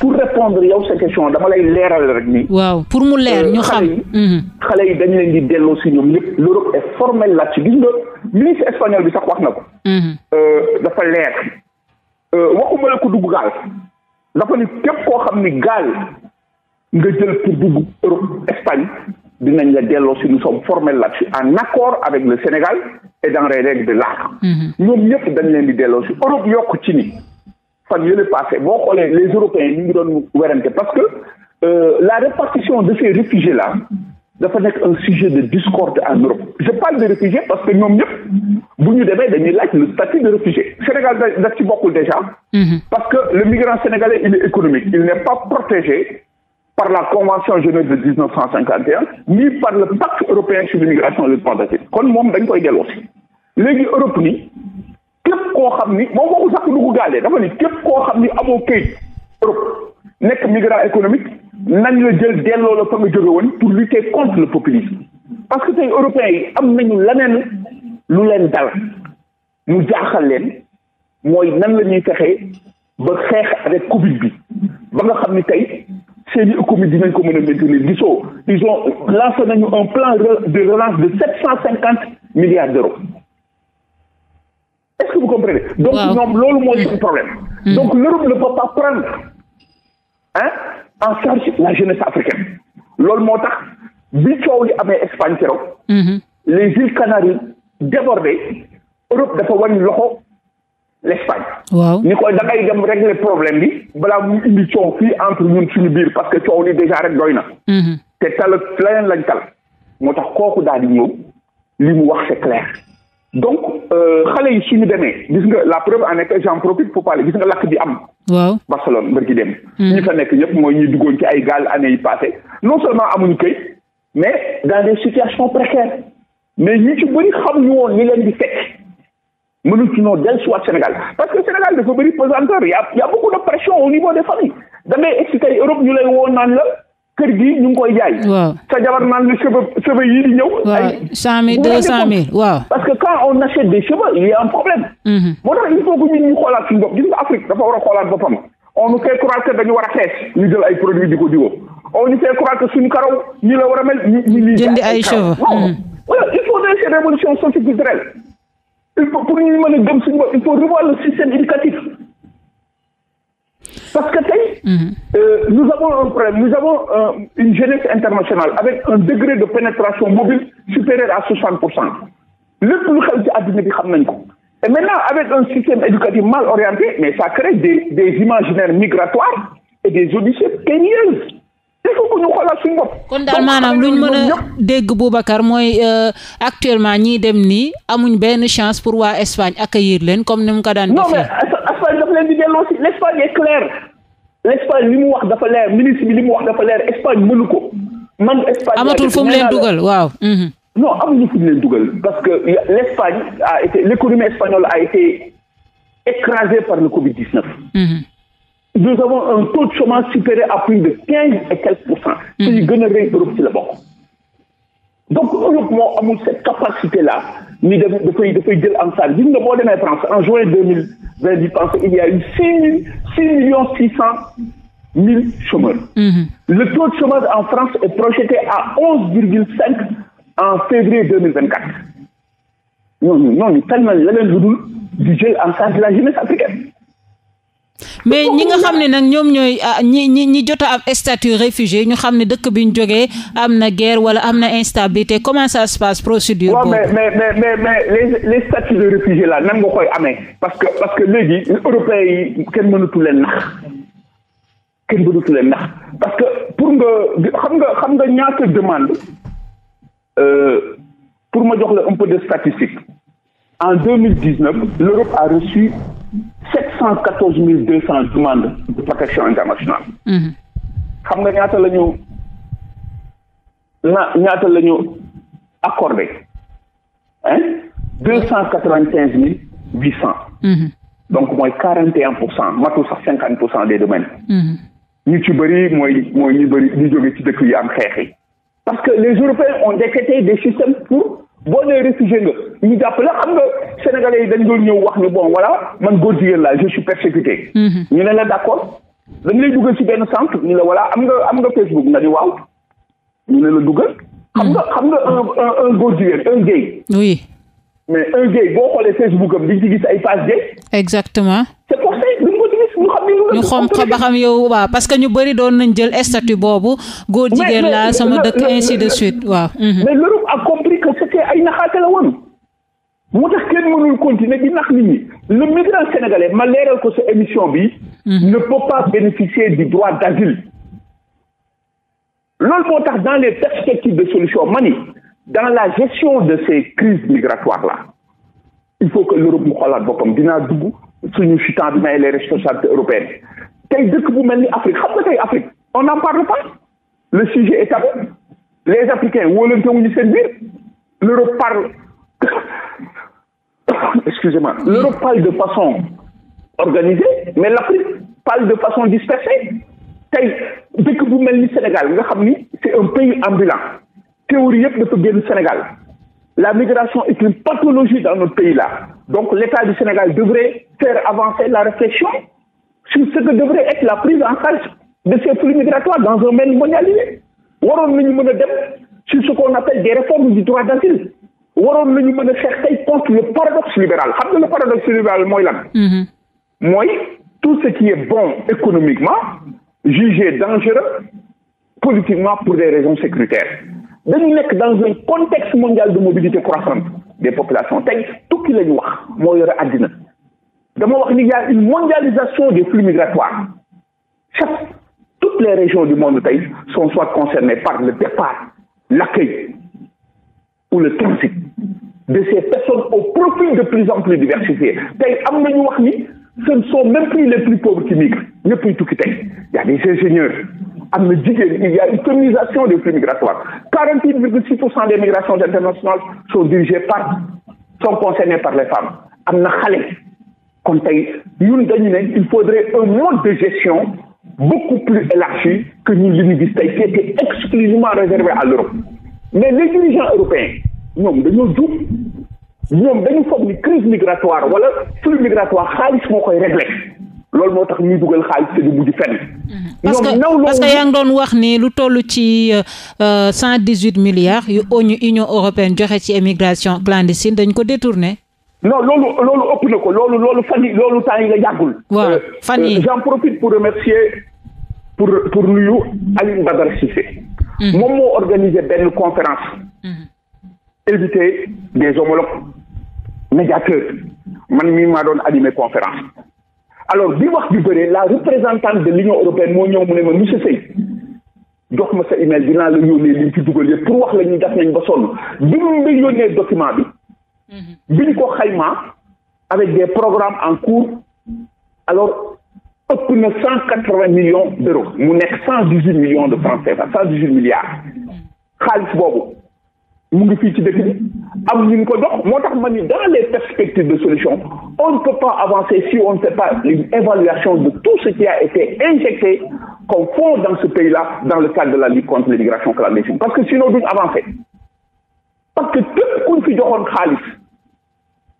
Speaker 2: pour répondre yow sa question dama lay leeral rek nii. waaw pour mu leer ñu euh, xam mhm. xale yi dañ leen di delloo si ñoom lépp l'Europe est formelle là-dessus gis ministre espagnol bi sax wax na ko. Mhm. Euh, dafa leer euh, waxuma la ko dugg gaal dafa ni képp koo xam ni gaal nga jël pour dugg Europe Espagne. dinañ la delloo si nous sommes formels là-dessus en accord avec le Sénégal et dans les règles de l'art mm-hmm. ñoom ñëpp dañ leen di si Europe yokk ci ni fan yële passé boo xoolee les Européens ñu ngi doon werante parce que euh, la répartition de ces réfugiés là dafa nekk un sujet de discorde en Europe je parle de réfugiés parce que ñoom ñëpp bu ñu demee le statut de réfugié Sénégal da daf déjà mm-hmm. parce que le migrant sénégalais il est économique il n'est par la Convention Genève de 1951 ni par le pacte européen sur l'immigration et le kon moom dañ koy delloosi léegi Europe ni képp koo xam ni moom ko sax du ko gaalee dafa ni képp koo xam ni amoo kayit Europe nekk migrant économique nan la jël delloo la fa nga jóge woon pour lutter contre le populisme parce que tey européens yi am nañu leneen lu leen dal ñu jaaxal leen mooy nan lañuy fexee ba xeex avec Covid bi ba nga xam ni tey seen i économie dinañ ko mën a ils ont lancé nañu un plan de relance de cent cinquante milliards d'euros est-ce que vous comprenez donc ñoom loolu mooy seen problème hmm. donc l'Europe ne peut pas prendre hein en charge la jeunesse africaine loolu moo tax bi coow li amee Espagne keroog hmm. les îles Canaries débordées Europe dafa wàññi loxo l'Espagne. waaw ni ko da ngay dem régler problème bi balaa mu indi coow fii entre ñun suñu biir parce que coow li déjà rek doy na. Mhm. te tal leneen lañ tal moo tax kooku daal di ñëw li mu wax c'est donc euh, xale yi suñu demee gis nga la preuve en est que j'en profite pour parler gis nga lakk bi am. waaw Barcelone mbir dem. Mhm. ñi fa nekk ñëpp mooy ñuy duggoon ci ay gaal année yi passé non seulement amuñu këy mais dans des situations précaires mais ñi ci bëri xamuñu woon mënuñ ci noo dellusiwaat Sénégal parce que Sénégal dafa bëri pesanteur y' a y' a beaucoup pression au niveau des familles da ngay excité Europe ñu lay woo naan la kër gi ñu ngi koy jaay. waaw sa jabar naan la cheveux cheveux yi ñëw. waaw cent mille deux cent mille waaw. parce que quand on achète des cheveux il y a un problème. Mhm. moo tax il faut que ñun ñu xoolaat suñu bopp gis nga Afrique dafa war a xoolaat boppam on nous fait croire dañu war a xees ñu jël ay produits di ko diwoo on il faut pour ñu mën a gëm suñu bopp il faut revoir le système éducatif parce que tey. Mhm. Euh, nous avons un problème nous avons une jeunesse internationale avec un degré de pénétration mobile supérieur à 60 pour cent lépp lu xew ci àddina bi xam nañ ko et maintenant avec un système éducatif mal orienté mais ça crée des des imaginaires migratoires et des odyssées périlleuses. il faut ko ñu a suñu bopp. kon daal maanaam lu ñu mën a
Speaker 1: dégg Boubacar mooy euh, actuellement ñiy dem nii amuñ benn chance pour waa Espagne accueillir leen comme ni mu ko daan. non mais
Speaker 2: Espagne dafa mu wax dafa leer ministre bi li mu wax dafa leer Espagne mënu ko. man Espagne amatul fu leen dugal waaw. Mhm. non amuñu fu mu leen dugal parce que l' a été l' économie a été écrasée par le Covid 19. nous avons un taux de chômage supérieur à plus de quinze et quelques mm-hmm. pour cent. ci yu gën a rëy la bokk. donc Europe moo amul cette capacité là ni dem dafay jël en charge gis nga boo demee France en juin deux mille vingt dix pense il y a eu six mille six millions six cent mille chômeurs. Mm-hmm. le taux de chômage en France est projeté à onze cinq en février deux mille vingt quatre. ñooñu ñooñu tellement la leen dudul di jël en charge la jeunesse africaine.
Speaker 3: mais
Speaker 1: ñi nga xam ne nag ñoom ñooy ah, ñi ñi ñi jot a am statut réfugié ñu xam ne dëkk bi ñu jógee am na guerre wala am na instabilité comment ça se passe procédure boobu. mais mais
Speaker 2: mais mais les les statuts de réfugié là nan nga koy amee. parce que parce que léegi européens yi kenn mënatu leen nax kenn mënatu leen nax parce que pour nga xam nga xam nga ñaata demande euh, pour ma jox la un peu de statistique en deux l'Europe a reçu. cent quatorze mille deux cent demandes de protection internationale. Mhm. xam nga ñaata la ñu na ñaata la ñu accordé hein deux cent quatre vingt quinze mille huit cent. Mhm. donc mooy quarante et un pour cent matul sax cinquante pour cent des domaines. Mhm. ñu ci bëri mooy mooy ñu bëri ñu jóge ci dëkk yi am xeex yi. parce que les Européens ont décrété des systèmes pour. boo nee réfugié nga ñu jàpp la xam nga sénégalais yi dañ doon ñëw wax ni bon voilà man góor jigéen laa je suis persécuté. Mhm. ñu ne la d' accord dañ lay dugal ci benn centre ñu ne voilà am nga am nga Facebook nga ni waaw ñu ne la dugal. xam nga xam nga un un un góor jigéen un gay. oui mais un gay boo xoolee Facebook am di ci gis ay page gay. exactement.
Speaker 1: ñu xom ko ba xam yow waaw parce que ñu bëri doon nañ jël statut boobu góor jigéen laa sama dëkk ainsi de suite
Speaker 2: waaw mais l'Europe a compris que c'était ay naxaate la woon moo tax kenn mënul continuer di nax nit ñi le migrant sénégalais ma leeral ko sa émission bi mm-hmm. ne peut pas bénéficier du droit d'asile loolu moo tax dans les perspectives de solution mani dans la gestion de ces crises migratoires là il faut que l'Europe mu xoolaat boppam dinaa dugg suñu futa bi may les responsabilités européennes tey dëkk bu mel ni Afrique xam nga tey Afrique on n'en parle pas le sujet est tabou les Africains wóolantewuñu seen biir l'Europe parle excusez-moi l'Europe parle de façon organisée mais l'Afrique parle de façon dispersée tey dëkk bu mel ni Sénégal nga xam ni c'est un pays ambulant théorie yëpp dafa génn Sénégal La migration est une pathologie dans notre pays-là. Donc l'État du Sénégal devrait faire avancer la réflexion sur ce que devrait être la prise en charge de ces flux migratoires dans un monde mondialisé. waroon nañu mën a dem sur ce qu'on appelle des réformes du droit d'asile waroon nañu mën a xeex tey contre le paradoxe libéral xam nga le paradoxe libéral mooy lan mm-hmm. mooy tout ce qui est bon économiquement jugé dangereux politiquement pour des raisons sécuritaires dañu nekk dans un contexte mondial de mobilité croissante des populations tey tukki la ñu wax moo yore àddina dama wax ni y a une mondialisation des flux migratoires chaque toutes les régions du monde tey sont soit concernées par le départ l'accueil ou le transit de ces personnes au profil de plus en plus diversifié tey am nañu wax ni ce ne sont même plus les plus pauvres qui migrent ñëpp ay tukki tey y a des ingénieurs am na jigéen il y a une féminisation des flux migratoires quarante huit virgule six pour cent des migrations internationales sont dirigées par sont concernées par les femmes am na xale kon tey ñun dañu ne il faudrait un mode de gestion beaucoup plus élargi que ñun li ñu gis tey était exclusivement réservé à l'Europe mais les dirigeants européens ñoom dañoo jub ñoom dañu foog ni crise migratoire wala flux migratoire xaalis moo koy réglé loolu moo tax ñuy dugal xaalis te du mujj fenn. Mhm. parce que parce yaa ngi
Speaker 1: doon wax ni lu toll ci euh, euh, cent dix huit milliards yu ONU Union européenne joxe ci émigration clandestine dañ ko détourné.
Speaker 2: non loolu loolu ëpp na ko loolu loolu fan loolu temps yi la yàggul. waaw euh, fan yi j'en profite pour remercier pour pour nuyu Alioune Badara Cissé. Mhm. moom moo organisé benn conférence. Mhm. invité des homologues médiateurs man mii maa doon animé conférence. alors bi wax bi bëree la représentante de l'Union européenne moo ñëw mu ne ma monsieur Seye jox ma sa email dinaa la yónnee li ñu ci dugal yëpp pour wax la ñu def nañ ba sonn bi ñu la yónnee document bi mhm. bi ñu ko xaymaa avec des programmes en cours alors ëpp na cent quatre-vingts millions d'euros mu nekk cent dix-huit millions de francs CFA milliards mhm. xaalis boobu mu ngi fii ci dëkk bi am ñu ko dox moo tax ma ni dans les perspectives de solution on ne peut avancer si on ne fait pas une évaluation de tout ce qui a été injecté comme fonds dans ce pays-là dans le cadre de la lutte contre l'immigration clandestine si que sinon duñu avancer parce que képp kuñ fi joxoon xaalis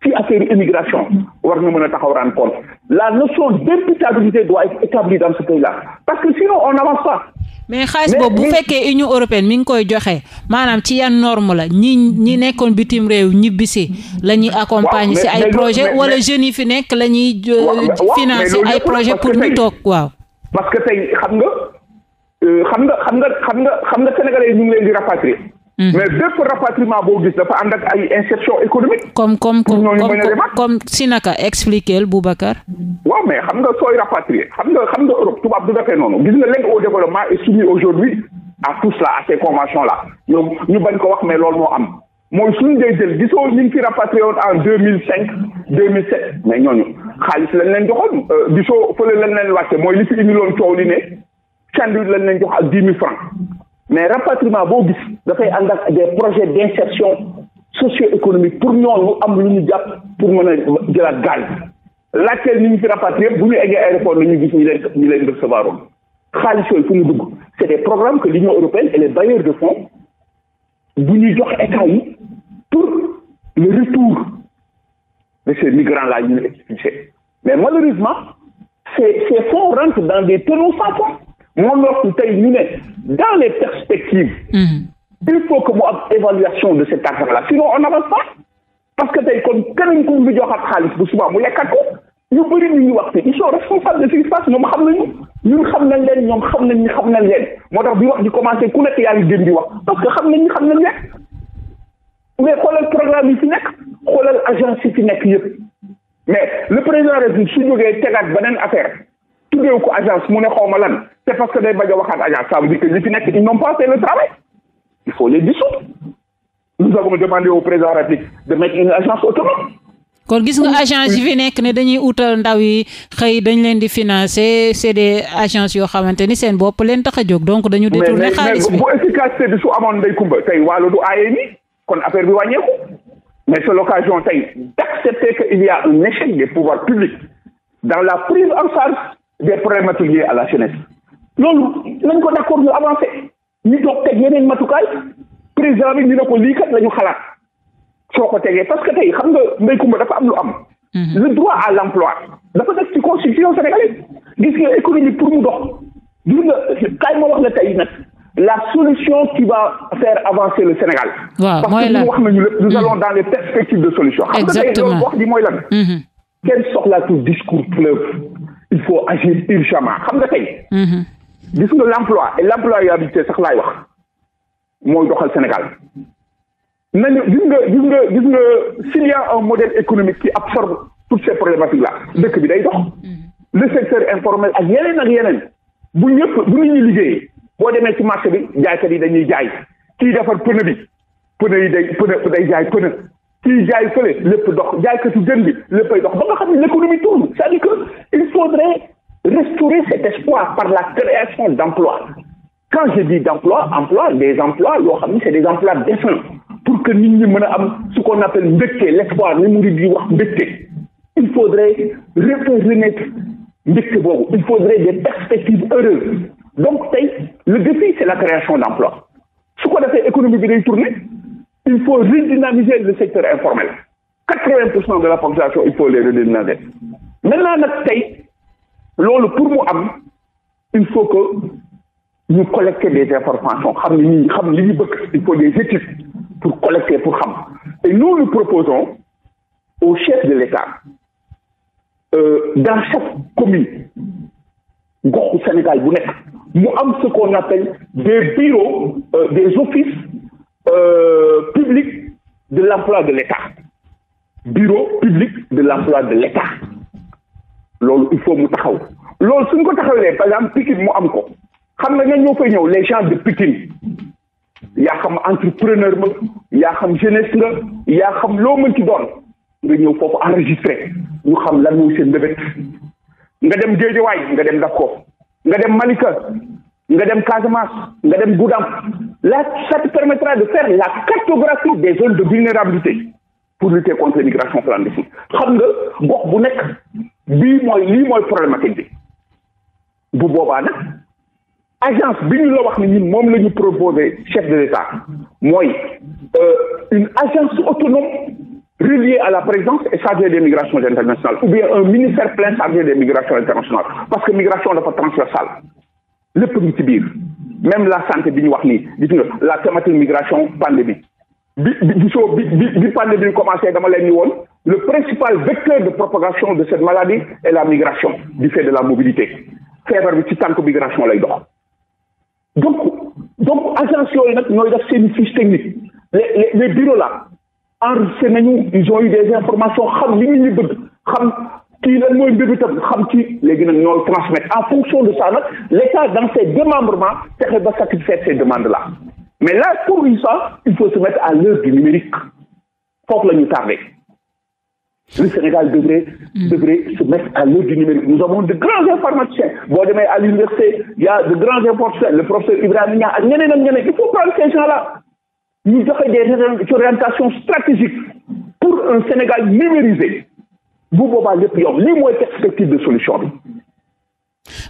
Speaker 2: ci affaire immigration war na mën a taxaw rendre compte la notion d'imputabilité doit être établie dans ce pays-là parce que sinon on n'avance pas
Speaker 1: mais xaalis boobu bu fekkee union européenne mi ngi koy joxe maanaam ci yan norme la ñi ñi nekkoon bitim réew ñibbisee la ñuy accompagner si ay projet wala jeunes yi fi nekk la ñuy euh, financer ay projet pour ñu toog
Speaker 2: waaw parce que tey xam nga euh, xam nga xam nga xam nga xam nga sénégalais yi ñu ngi leen di rapatrier Mm-hmm. mais bépp rapatriement boo gis dafa ànd ak ay insertion économique. comme comme comme
Speaker 1: comme si naka expliquer Boubacar.
Speaker 2: waaw mais xam nga sooy rapatrier xam nga xam nga Europe tubaab du defee noonu gis nga l'aide au développement est soumis aujourd'hui à tout la à ces conventions là ñoom ñu bañ ko wax mais loolu moo am mooy suñu dee jël gisoo ñu ngi fi rapatrié woon en deux mille cinq deux mille sept mais ñooñu xaalis lañ leen joxoon euh, gisoo fële lañ leen wàcce mooy li fi indi loon coow li ne cent lañ leen jox ak dix mais rapatriement boo gis dafay ànd ak des projets d' insertion socio-économique pour ñooñu am lu ñu jàpp pour mën a jëlaat la laajteel ni ñu fi rapatrié bu ñu eggee aéroport la ñu gis ñi leen ñi leen recevoir woon xaalis yooyu fu ñu dugg c' est des programmes que l'union européenne et les bailleurs de fonds bu ñuy jox état yi pour le retour de ces migrants mais malheureusement ces ces fonds rentrent dans des tonneaux sans moom la wax tey ñu ne dans les perspectives. Hmm. il faut que mu am évaluation de cet argent-là sinon on n'avance pas parce que tey kon keneen ku mu joxaat xaalis bu suba mu lekkat ko ñu bëri ñu ñu wax te ils sont responsables de ce qui se passe ñoom xam nañu ñun xam nañ leen ñoom xam nañ ñu xam nañ leen moo tax bi wax di commencé ku nekk yaa ngi di wax parce que xam nañ ñu xam nañ leen mais xoolal programme yi fi nekk xoolal agence yi fi nekk yëpp mais le président de su jógee tegaat beneen affaire. tuddeewu ko agence mu ne xaw ma lan c'est parce day bëgg a agence ça veut dire que fi nekk ils n'ont pas fait le travail il faut les dissoudre nous avons demandé au président de la République de mettre une agence autonome
Speaker 1: kon gis nga agence yi fi nekk ne dañuy utal ndaw yi xëy dañ leen di financer c'est des agences yoo xamante ni seen bopp leen tax a jóg donc dañu détourné xaalis bi mais
Speaker 2: efficacité bi su amoon day kumba tey waalo du aaye ni kon affaire bi wàññeeku mais c'est tey d'accepter qu'il des problématiques liées à la jeunesse loolu nañ ko d' accord ñu avancé ñu doog teg yeneen matukaay président bi dina ko lii kat la ñu xalaat soo ko tegee parce que tey xam nga mbéy kumba dafa am lu am. Mhm. le droit à l' emploi dafa nekk ci constitution sénégalaise gis nga économie pour mu dox gis nga kaay moo wax la tey nag la solution qui va faire avancer le Sénégal. waaw mooy lan parce que wax nañu lépp nous mhm. allons dans les perspectives de solution. exactement loolu wax di mooy lan. Mhm. il faut agir urgemment xam nga tey. Mhm. gis nga l'emploi et l'employabilité sax laay wax mooy doxal Sénégal nañu gis nga gis nga gis nga s'il y a économique qui absorbe toutes ces problématiques la dëkk bi day dox. Mhm. le secteur informel ak yeneen ak yeneen bu ñëpp bu nit ñi liggéeyee boo demee ci marché bi jaaykat bi dañuy jaay kii defar pneu bi pneu yi day pneu day jaay pneu ñuy jaay fële lépp dox jaaykatu jën bi léppay dox ba nga xam ne l'économie tourne c'est-à-dire que il faudrait restaurer cet espoir par la création d'emplois quand je dis d'emploi emploi des emplois yoo ne c'est des emplois décents pour que ni ñi mën a am ce qu'on appelle mbégte l'espoir ni mu di wax mbégte il faudrait refaire renaître mbégte boobu il faudrait des perspectives heureuses donc tey le défi c'est la création d'emplois su ko defee économie bi day tourner il faut redynamiser le secteur informel quatre-vingt pour cent de la population il faut les redynamiser maintenant nag tey loolu pour mu am il faut que ñu collecter des informations xam ni ñi xam li ñu bëgg il faut des études pour collecter pour xam et nous nous proposons au chef de l'État euh, dans chaque commune goxu Sénégal bu nekk mu am ce qu'on appelle des bureaux euh, des offices Euh, public de l'emploi de l'État bureau public de l'emploi de l'État loolu il faut mu taxaw loolu suñ ko taxawlee par exemple Pikine mu am ko xam nga ñoo fay ñëw les gens de Pikine yaa xam entrepreneur ma yaa xam jeunesse la yaa xam loo mën ci doon nga ñëw foofu enregistré ñu xam lan mooy seen bébét nga dem Géejawaay nga dem daf ko nga dem Malika nga dem Casamance nga dem Goudomp Là, sa te permettra de faire la cartographie des zones de vulnérabilité pour lutter contre l'immigration clandestine xam nga gox bu nekk bii mooy lii mooy problématique bi bu boobaa nag agence bi ñu la wax ni ñun moom la ñu proposé chef de l'État mooy euh, une agence autonome reliée à la présidence et chargée des migrations internationales ou bien un ministère plein chargé des migrations internationales parce que migration dafa transversale lépp ngi même la santé bi ñu wax nii gis la thématique migration pandémie bi bi so bi bi pandémie bi commencé dama leen ni woon le principal vecteur de propagation de cette maladie est la migration di fait de la mobilité feebar bi ci tànk migration lay dox donc donc agence yooyu nag ñooy def seen fiche technique les les les bureaux là enregistré nañu ils ont eu des informations xam li nit kii lan mooy mbébitam xam ci léegi nag ñoo transmettre en fonction de ça nag l'État dans ses démembrements fexe ba satisfaire ces demandes là mais là pour sa il faut se mettre à l'heure du numérique foofu la ñu tardé le Sénégal devrait mm. devrait se mettre à l'heure du numérique nous avons de grands informaticiens boo demee à l'université il y a de grands informaticiens le professeur Ibrahima Niang ak ñeneen ak ñeneen il faut prendre ces gens là ñu joxe pour un Sénégal bu boobaa lépp yomb lii mooy perspective de solution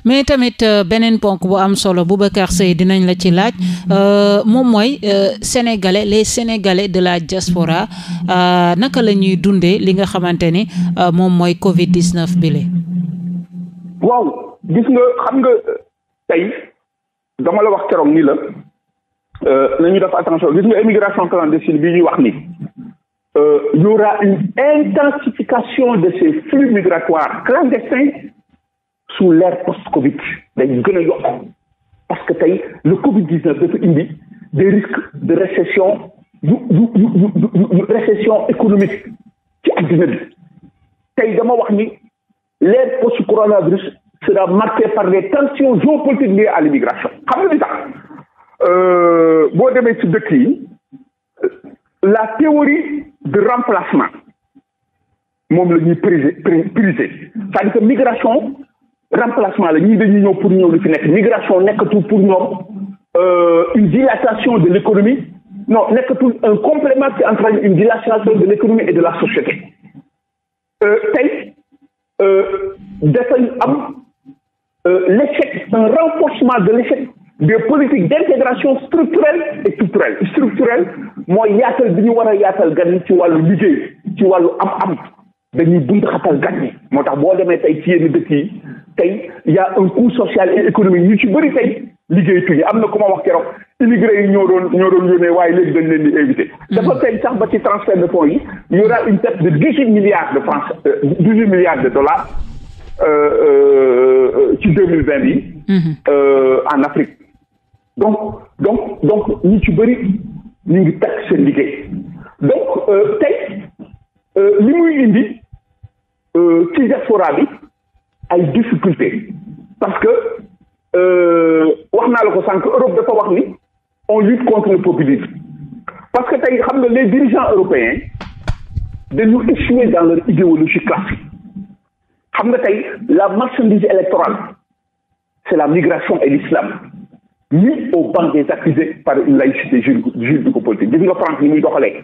Speaker 1: mais tamit euh, beneen ponk bu am solo Boubacar Seye dinañ la ci laaj euh, moom mooy euh, sénégalais les sénégalais de la diaspora naka la ñuy dundee li nga xamante ni moom mooy Covid 19 bi la.
Speaker 2: waaw gis nga xam nga tey dama la wax keroog nii la nañu def attention gis nga émigration clandestine bi ñuy wax nii. euh, il y aura une intensification de ces flux migratoires clandestins sous l'ère post-Covid dañ gën a yokk parce que tey le Covid-19 dafa indi des risques de récession yu yu récession économique ci dama wax ni l'ère post-coronavirus sera marquée par des tensions géopolitiques liées à l'immigration xam nga li tax euh, boo demee ci dëkk yi la théorie de remplacement moom la ñuy prisé prisé c'est-à-dire que migration remplacement la ñii dañuy ñëw pour ñëw lu fi nekk migration nekkatul pour ñoom euh, une dilatation de l'économie non nekkatul un complément qui entraîne une dilatation de l'économie et de la société euh, tey euh, dafay am l'échec un renforcement de l'échec de politiques d'intégration structurelle et culturelle structurelle moo yaatal bi ñu war a yaatal gan ñi ci wàllu liggéey ci wàllu am-am dañuy bunt xatal gan ñi moo tax boo demee tey ci yenn dëkk yi tey yaa a un coût social et ñu ci bëri tey liggéeytuñu am na ku ma wax keroog immigré yi ñoo doon ñoo doon yónnee waaye léegi dañ leen di invité. Mm-hmm. dafa feeñ sax ba ci transfert de fonds yi y aura une perte de dix huit milliards de francs euh, dix huit milliards euh, euh, ci deux mille vingt bi. Mm-hmm. en Afrique. donc donc donc ñi ci bëri ñu ngi takk seen liggéey donc euh, tey euh, li muy indi euh, ci diaspora bi ay difficulté parce que wax naa la ko sànq Europe dafa wax ni on lutte contre le populisme parce que tey xam nga les dirigeants européens dañu échoué dans leur idéologie classique xam nga tey la marchandise électorale c'est la migration et l'islam mis au banc des accusés par une laïcité juridico-politique gis nga France ni muy doxalee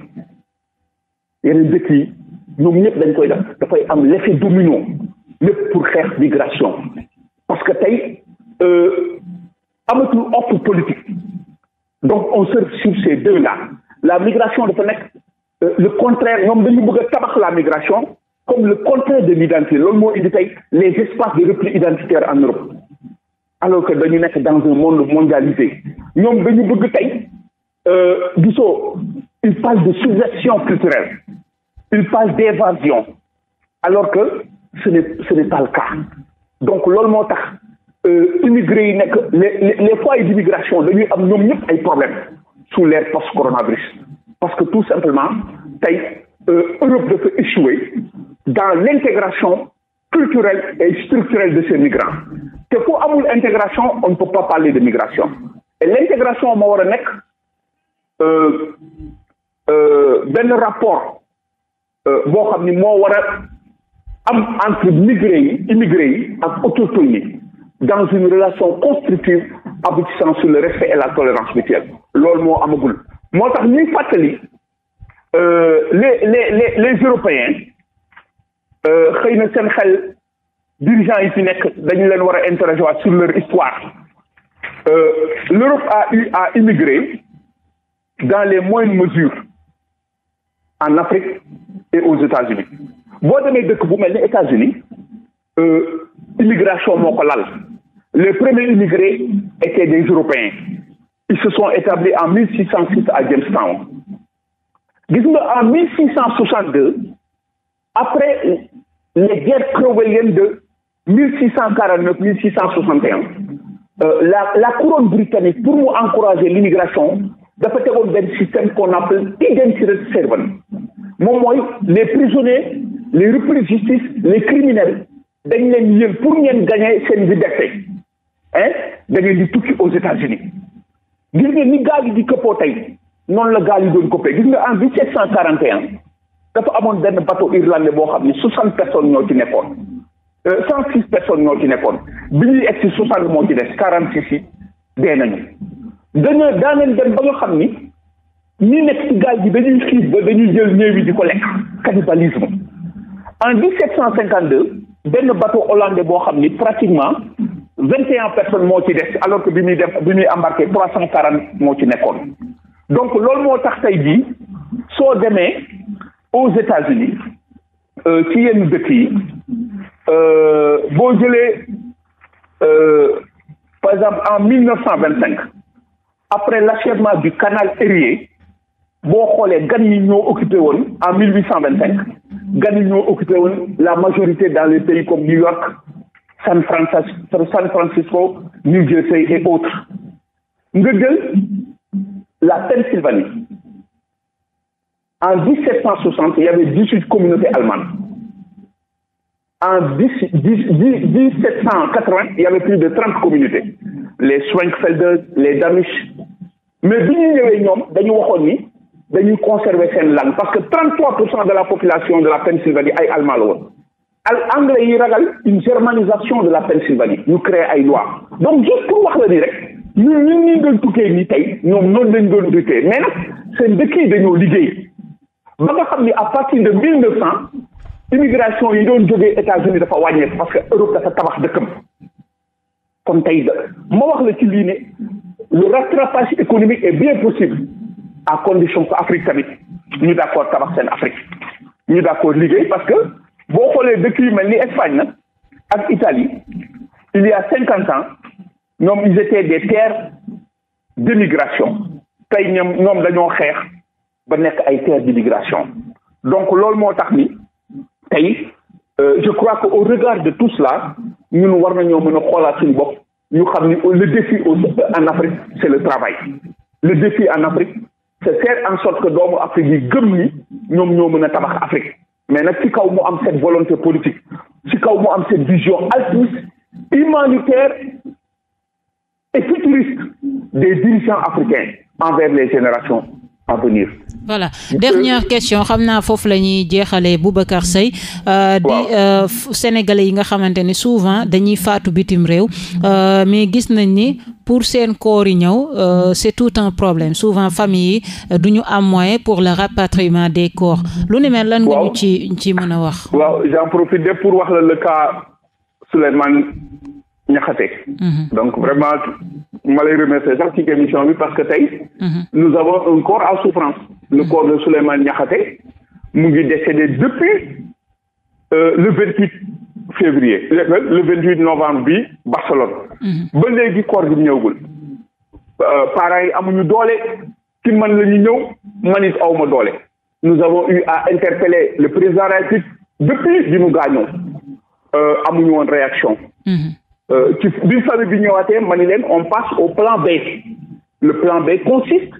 Speaker 2: yeneen dëkk yi ñoom ñëpp dañ koy def dafay am l'effet domino lépp pour xeex migration parce que tey euh, amatul offre politique donc on se sur ces deux là la migration dafa nekk euh, le contraire ñoom dañu bëgg a tabax la migration comme le contraire de l'identité loolu moo indi tey les espaces de repli identitaire en Europe alors que dañu nekk dans un monde mondialisé ñoom dañu bëgg tey euh, gisoo il parle de subversion culturelle il parle d'évasion alors que ce n'est ce pas le cas donc loolu moo tax euh, immigrés yi nekk les les foyers d'immigration dañuy am ñoom ñëpp ay problèmes sous l'ère post-coronavirus parce que tout simplement tey euh, Europe dafa échouer dans l'intégration culturelle et structurelle de ces migrants te fu amul intégration on ne peut pas parler de migration et l'intégration moo war a nekk euh, euh, benn rapport euh, boo xam ni moo war a am entre migré yi immigré yi ak autochtone yi dans une relation constructive aboutissant sur le respect et la tolérance mutuelle loolu moo amagul moo tax ni fàttali les les les les européens xëy na seen xel dirigeants yi fi nekk dañu leen war a interroger waat sur leur histoire euh, l'Europe a eu à immigrer dans les moindres mesures en Afrique et aux États-Unis boo demee dëkk bu mel ni États-Unis euh, immigration moo ko lal les premiers immigrés étaient des Européens ils se sont établis en 1606 à Jamestown gis en 1662 après les guerres crowelliennes de cent 1649 1661 euh, la la couronne britannique pour mu encourager l'immigration dafa tegoon benn système qu'on appelle indented servants moom mooy les prisonniers les repris de justice le criminels dañ leen yël pour ngeen gagner seen liberté hein da ngeen di tukki aux États-Unis gis nga ni gaal yi di këppoo tey noonu la gaal yi doon këppee gis nga en 1741 dafa amoon benn bateau irlandais boo xam ne 60 personnes ñoo ci nekkoon. cent six personnes ñoo ci nekkoon bi ñuy egg si soixante moo ci des quarante six yi dee nañu dañoo daa leen dem ba nga xam ni ñi nekk ci gaal gi dañuy xiif ba dañuy jël néew yi di ko lekk cannibalisme en dix sept cent cinquante deux benn bateau hollandais boo xam ni pratiquement vingt et un personnes moo ci des alors que bi muy def bi muy embarqué trois cent quarante moo ci nekkoon donc loolu moo tax tey jii soo demee aux États-Unis euh, ci yenn dëkk yi Euh, boo jëlee euh, par exemple en mille neuf cent vingt cinq après l'achèvement du canal Erie boo xoolee gan yi woon en mille huit cent vingt cinq gan yi ñoo la majorité dans les pays comme New York San Francisco San Francisco New Jersey et autres nga jël la Pennsylvanie en il y avait 18 communautés allemandes en 10, 10, 10, 1780, il y avait plus de 30 communautés. Les Schwenkfelder, les Damish. Mais bi ñu ñëwee ñoom dañu waxoon ni dañuy conserver seen langue parce que 33 pour cent de la population de la Pennsylvanie ay allemand la woon. al anglais yi ragal une germanisation de la Pennsylvanie ñu créé ay loi donc juste pour wax la ni rek ñun ñun ñu doon tukkee nii tey ñoom noonu lañ doon tukkee mais nag seen dëkk yi dañoo liggéey ba nga xam ni à partir de 1900. immigration yi doon jógee États-Unis dafa wàññeeku parce que Europe dafa tabax dëkkam kon tey da ma wax la ci lii ne le rattrapage économique est bien possible à condition que Afrique tamit ñu d' accord tabax seen Afrique ñu d' accord liggéey parce que boo xoolee dëkk yu mel ni Espagne na ak Italie il y cinquante ans ñoom ils étaient de terres d' immigration tey ñoom ñoom dañoo xeex ba nekk ay terres d' immigration donc loolu moo tax ni tey euh, je crois que au regard de tout cela ñun war nañoo mën a xoolaat suñu bopp ñu xam ni le défi en Afrique c'est le travail le défi en Afrique c'est faire en sorte que doomu Afrique yi gëm ni ñoom ñoo mën a tabax Afrique mais nag si kaw mu am cette volonté politique si kaw mu am cette vision altruiste humanitaire et futuriste des dirigeants africains envers les générations
Speaker 1: voilà dernière question xam naa foofu la ñuy jeexalee Boubacar Seye. Euh, di euh, sénégalais yi nga xamante ne souvent dañuy faatu bitim réew. Euh, mais gis nañ ni pour seen koor yi ñëw c' est tout un problème souvent famille yi du ñu am moyen pour le rapatriement des corps. lu ni mel lan nga ñu ci mën a wax.
Speaker 2: waaw j' en profite pour wax la le cas Souleymane ñaxate
Speaker 3: mhm. donc
Speaker 2: vraiment ma lay remercier sax ci émission bi parce que tey mhm. nous avons un corps en souffrance le mhm. corps de Souleymane Niakhaté mu ngi décédé depuis euh, le vingt-huit février le vingt-huit novembre bi Barcelone ba léegi corps bi ñëwagul euh, parents yi amuñu doole ki man la ñu ñëw man it awma doole nous avons eu à interpeller le président de depuis bi mu gaañoo euh, amuñu woon réaction Euh, ci biir famille bi ñëwaatee ma ni leen on passe au plan B le plan B consiste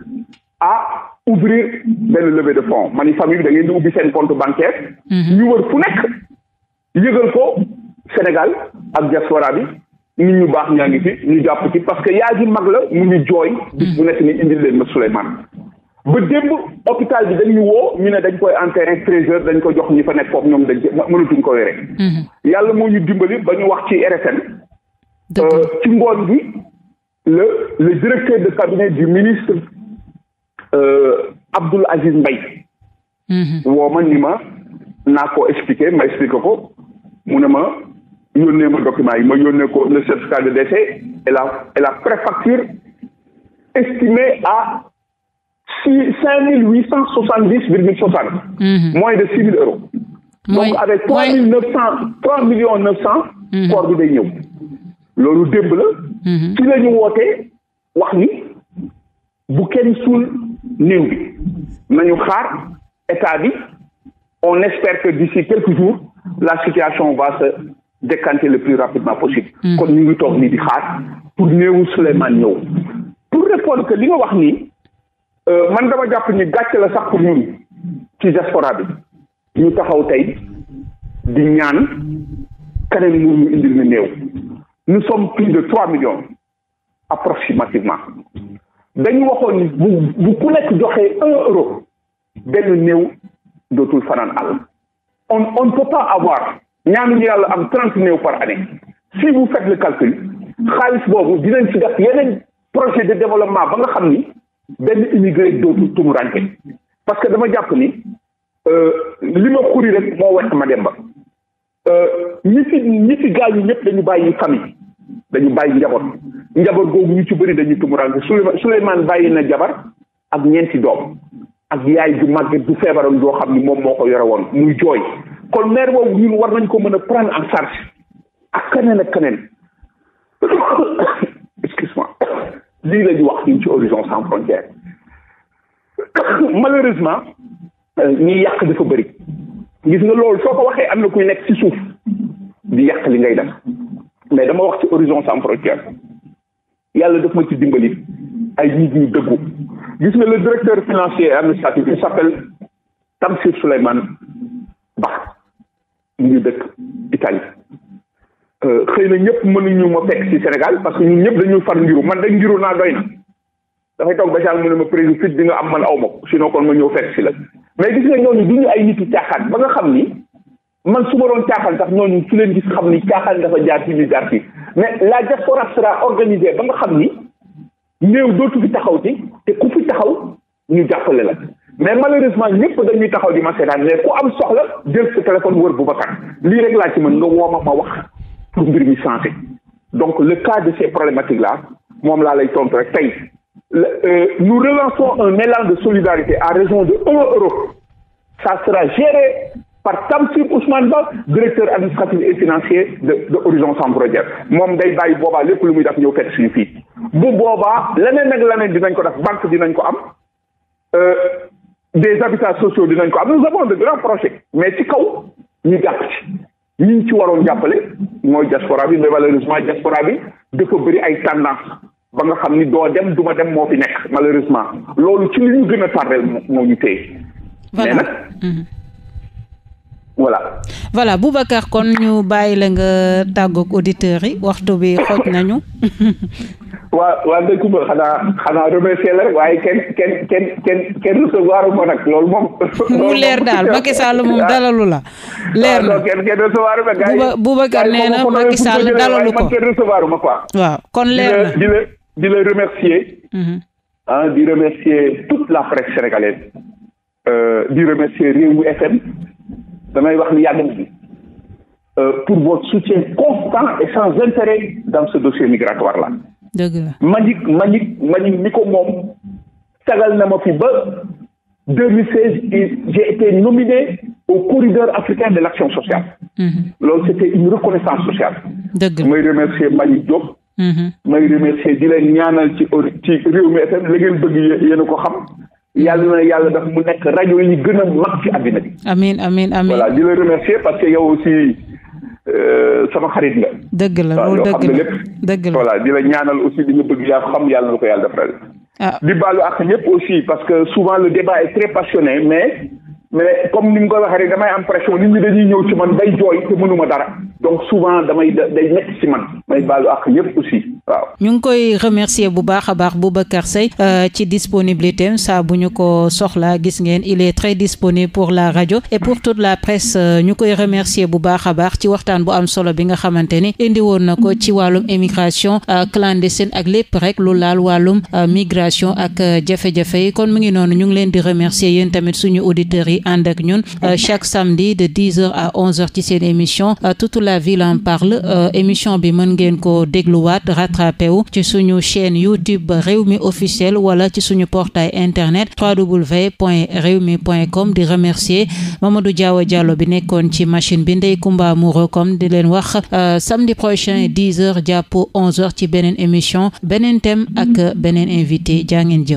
Speaker 2: à ouvrir benn levée de fonds ma ni famille bi da ngeen di ubbi seen compte bancaire mhm. ñu wër fu nekk yëgal ko Sénégal ak diaspora bi nit ñu baax ñaa ngi fi ñu jàpp ci parce que yaa ji mag la mu ngi jooy mhm. bis bu nekk ni indil leen ma Souleymane ba démb hôpital bi dañuy woo ñu ne dañ koy enterré treize heures dañ ko jox ñi fa nekk foofu ñoom dañ mënatuñ ko wéree mhm. yàlla moo ñu dimbali ba ñu wax ci RFM Euh, ci ngoon bi le le de cabinet du ministre euh, Abdoul Aziz Mbaye mhm. woo ma ni ma naa ko expliquer ma expliquer ko mu ne ma yónnee ma document yi ma yónnee ko le certificat de décès et la et la préfacture estimée à six cinq mille huit cent soixante dix virgule soixante mhm. moins de six mille euros donc avec trois mille neuf cent trois millions neuf cent mhm. corps bi day loolu démb la. Mhm. ci la ñu wootee wax ni bu kenn suul néew bi nañu xaar état bi on espère que d'ici quelques jours la situation va se décanter le plus rapidement possible. Mhm. kon ñu ngi toog nii di xaar pour néewu Souleymane ñëw. pour répondre que li nga wax nii euh, man dama jàpp ni gàcce la sax pour ñun ci diaspora bi ñu taxaw tey di ñaan keneen mu ñu indil na néew. nous sommes plus de trois millions approximativement dañu waxoon ni bu bu ku nekk joxee un euro benn néew dootul fanaan àll on on ne peut pas avoir ñaanuñu yàlla am trente néew par année si vous faites le calcul xaalis boobu dinañ ci def yeneen projet de développement ba nga xam ni benn immigré dootul tumurànke parce que dama jàpp ni euh, li ma xuri rek moo wet ma dem ba Euh, ñi fi ñi fi gaañu ñëpp dañu bàyyi famille dañu bàyyi njaboot njaboot googu ñu ci bëri dañu tumuraanke Souleymane bàyyi na jabar ak ñeenti doom ak yaay ju màgget du feebaram joo xam ni moom moo ko yore woon muy jooy kon maire boobu ñun war nañ ko mën a prendre en charge ak keneen keneen excuse lii la ñu wax ñun ci horizon sans frontières malheureusement euh, ñi yàq dafa bari gis nga loolu soo ko waxee am na kuy nekk ci suuf di yàq li ngay dem mais dama wax ci horizon sans frontière yàlla def ma ci dimbali ay nit ñu dëggu gis nga le directeur financier et administratif il tam Tamsir Souleymane Ba mu ngi dëkk Italie euh, xëy na ñëpp ñu ma fekk ci Sénégal parce que ñun ñëpp dañuy far ngiru man de ngiru naa doy na dafay toog ba mu ne ma président fit bi nga am man aw ma sinon kon ma ñëw fekk si la mais gis nga ñooñu du ñu ay nit yu caaxaan ba nga xam ni man su ma doon caaxaan sax ñooñu su leen gis xam ni caaxaan dafa jaar ci ñu jaar ci mais la diaspora sera organisée ba nga xam ni néew dootu fi taxaw ci te ku fi taxaw ñu jàppale la mais malheureusement ñëpp dañuy taxaw di ma seetaan mais ku am soxla jël sa téléphone wër Boubacar lii rek laa ci mën nga wooma ma wax pour mbir mi changé donc le cas de ces problématiques la moom laa lay tontu rek tey Euh, nous relançons un élan de solidarité à raison de 1 euro. Ça sera géré par Tamsir Ousmane Ba directeur administratif et financier de de Horizon Sans Frontières moom day bàyyi boobaa lépp lu muy def ñëw fekk suñu fii bu boobaa leneen ak leneen dinañ ko def di dinañ ko am euh, des habitats sociaux dinañ ko am nous avons de grands projets mais ci kaw ñu jàpp ci ñi ñu ci waroon jàppale mooy diaspora bi mais malheureusement diaspora bi dafa bëri ay tendance ba nga xam ni doo dem duma dem moo fi nekk malheureusement loolu ci li ñu gën a tardel moo ñu téye mais nag mm-hmm. voilà
Speaker 1: voilà Boubacar kon ñu bàyyi la nga tàggoog auditeurs yi waxtu bi xooj nañu
Speaker 2: waa waa dëkkumba xanaa xanaa remercier la rek waaye kenn kenn kenn kenn kenn recevoir ma nag loolu moom mu leer daal Macky Sall moom dalalu la leer na kenn kenn nee na Macky Sall dalalu ko waaw kon leer na di la remercier. ah remercier toute la presse sénégalaise. Euh, di remercier Rewmi FM damay wax ni yàgg na euh, pour votre soutien constant et sans intérêt dans ce dossier migratoire la Mbagnick Mbagnick Mbagnick mi ko moom sagal na ma fi ba 2016 j'ai été nominé au corridor africain de l'action sociale. Mhm. loolu c'était une reconnaissance sociale. dëgg la remercier Mbagnick Diop. Mm-hmm. may remercier di leen ñaanal ci ci réew mi FM la ngeen bëgg yéen ko xam yàlla na yàlla daf mu nekk rajo yi gën a mag ci àddina bi. amiin amiin amiin voilà di la remercier parce que yow aussi euh, sama xarit nga. dëgg la loolu dëgg la lépp dëgg la di la ñaanal aussi di nga bëgg yaa xam yàlla na ko yàlla defal. Ah. di baalu ak ñëpp aussi parce que souvent le débat est très passionné mais. mais comme ni nga koy dañuy ñëw ci man bay jooy te mënuma dara donc souvent damay day nekk ci man may baalu ak yëpp aussi waaw.
Speaker 1: ñu ngi koy remercier bu baax a baax bu Boubacar Seye euh, ci disponibilité am saa bu ñu ko soxla gis ngeen il est très disponible pour la rajo et pour tout la presse euh, ñu koy remercier bu baax a baax ci waxtaan bu am solo bi nga xamante ni indi woon na ko ci wàllum immigration euh, clandestine ak lépp rek lu laal wàllum migration ak jafe-jafe yi kon mu ngi noonu ñu ngi leen di remercier yéen tamit suñu auditeurs yi. ànd ak ñun euh, chaque samedi de 10 heures à 11 heures ci seen émission euh, toute la ville en parle euh, émission bi mën ngeen ko dégluwaat rattrapé wu ci suñu chaîne YouTube Rewmi officiel wala ci suñu portail internet www.rewmi.com di remercier Mamadou Diawa Diallo bi nekkoon ci machine bi ndey Comba Moreau comme di leen wax samedi prochain 10 heures jàpp 11 heures ci beneen émission beneen thème ak beneen invité jaa ngeen jëf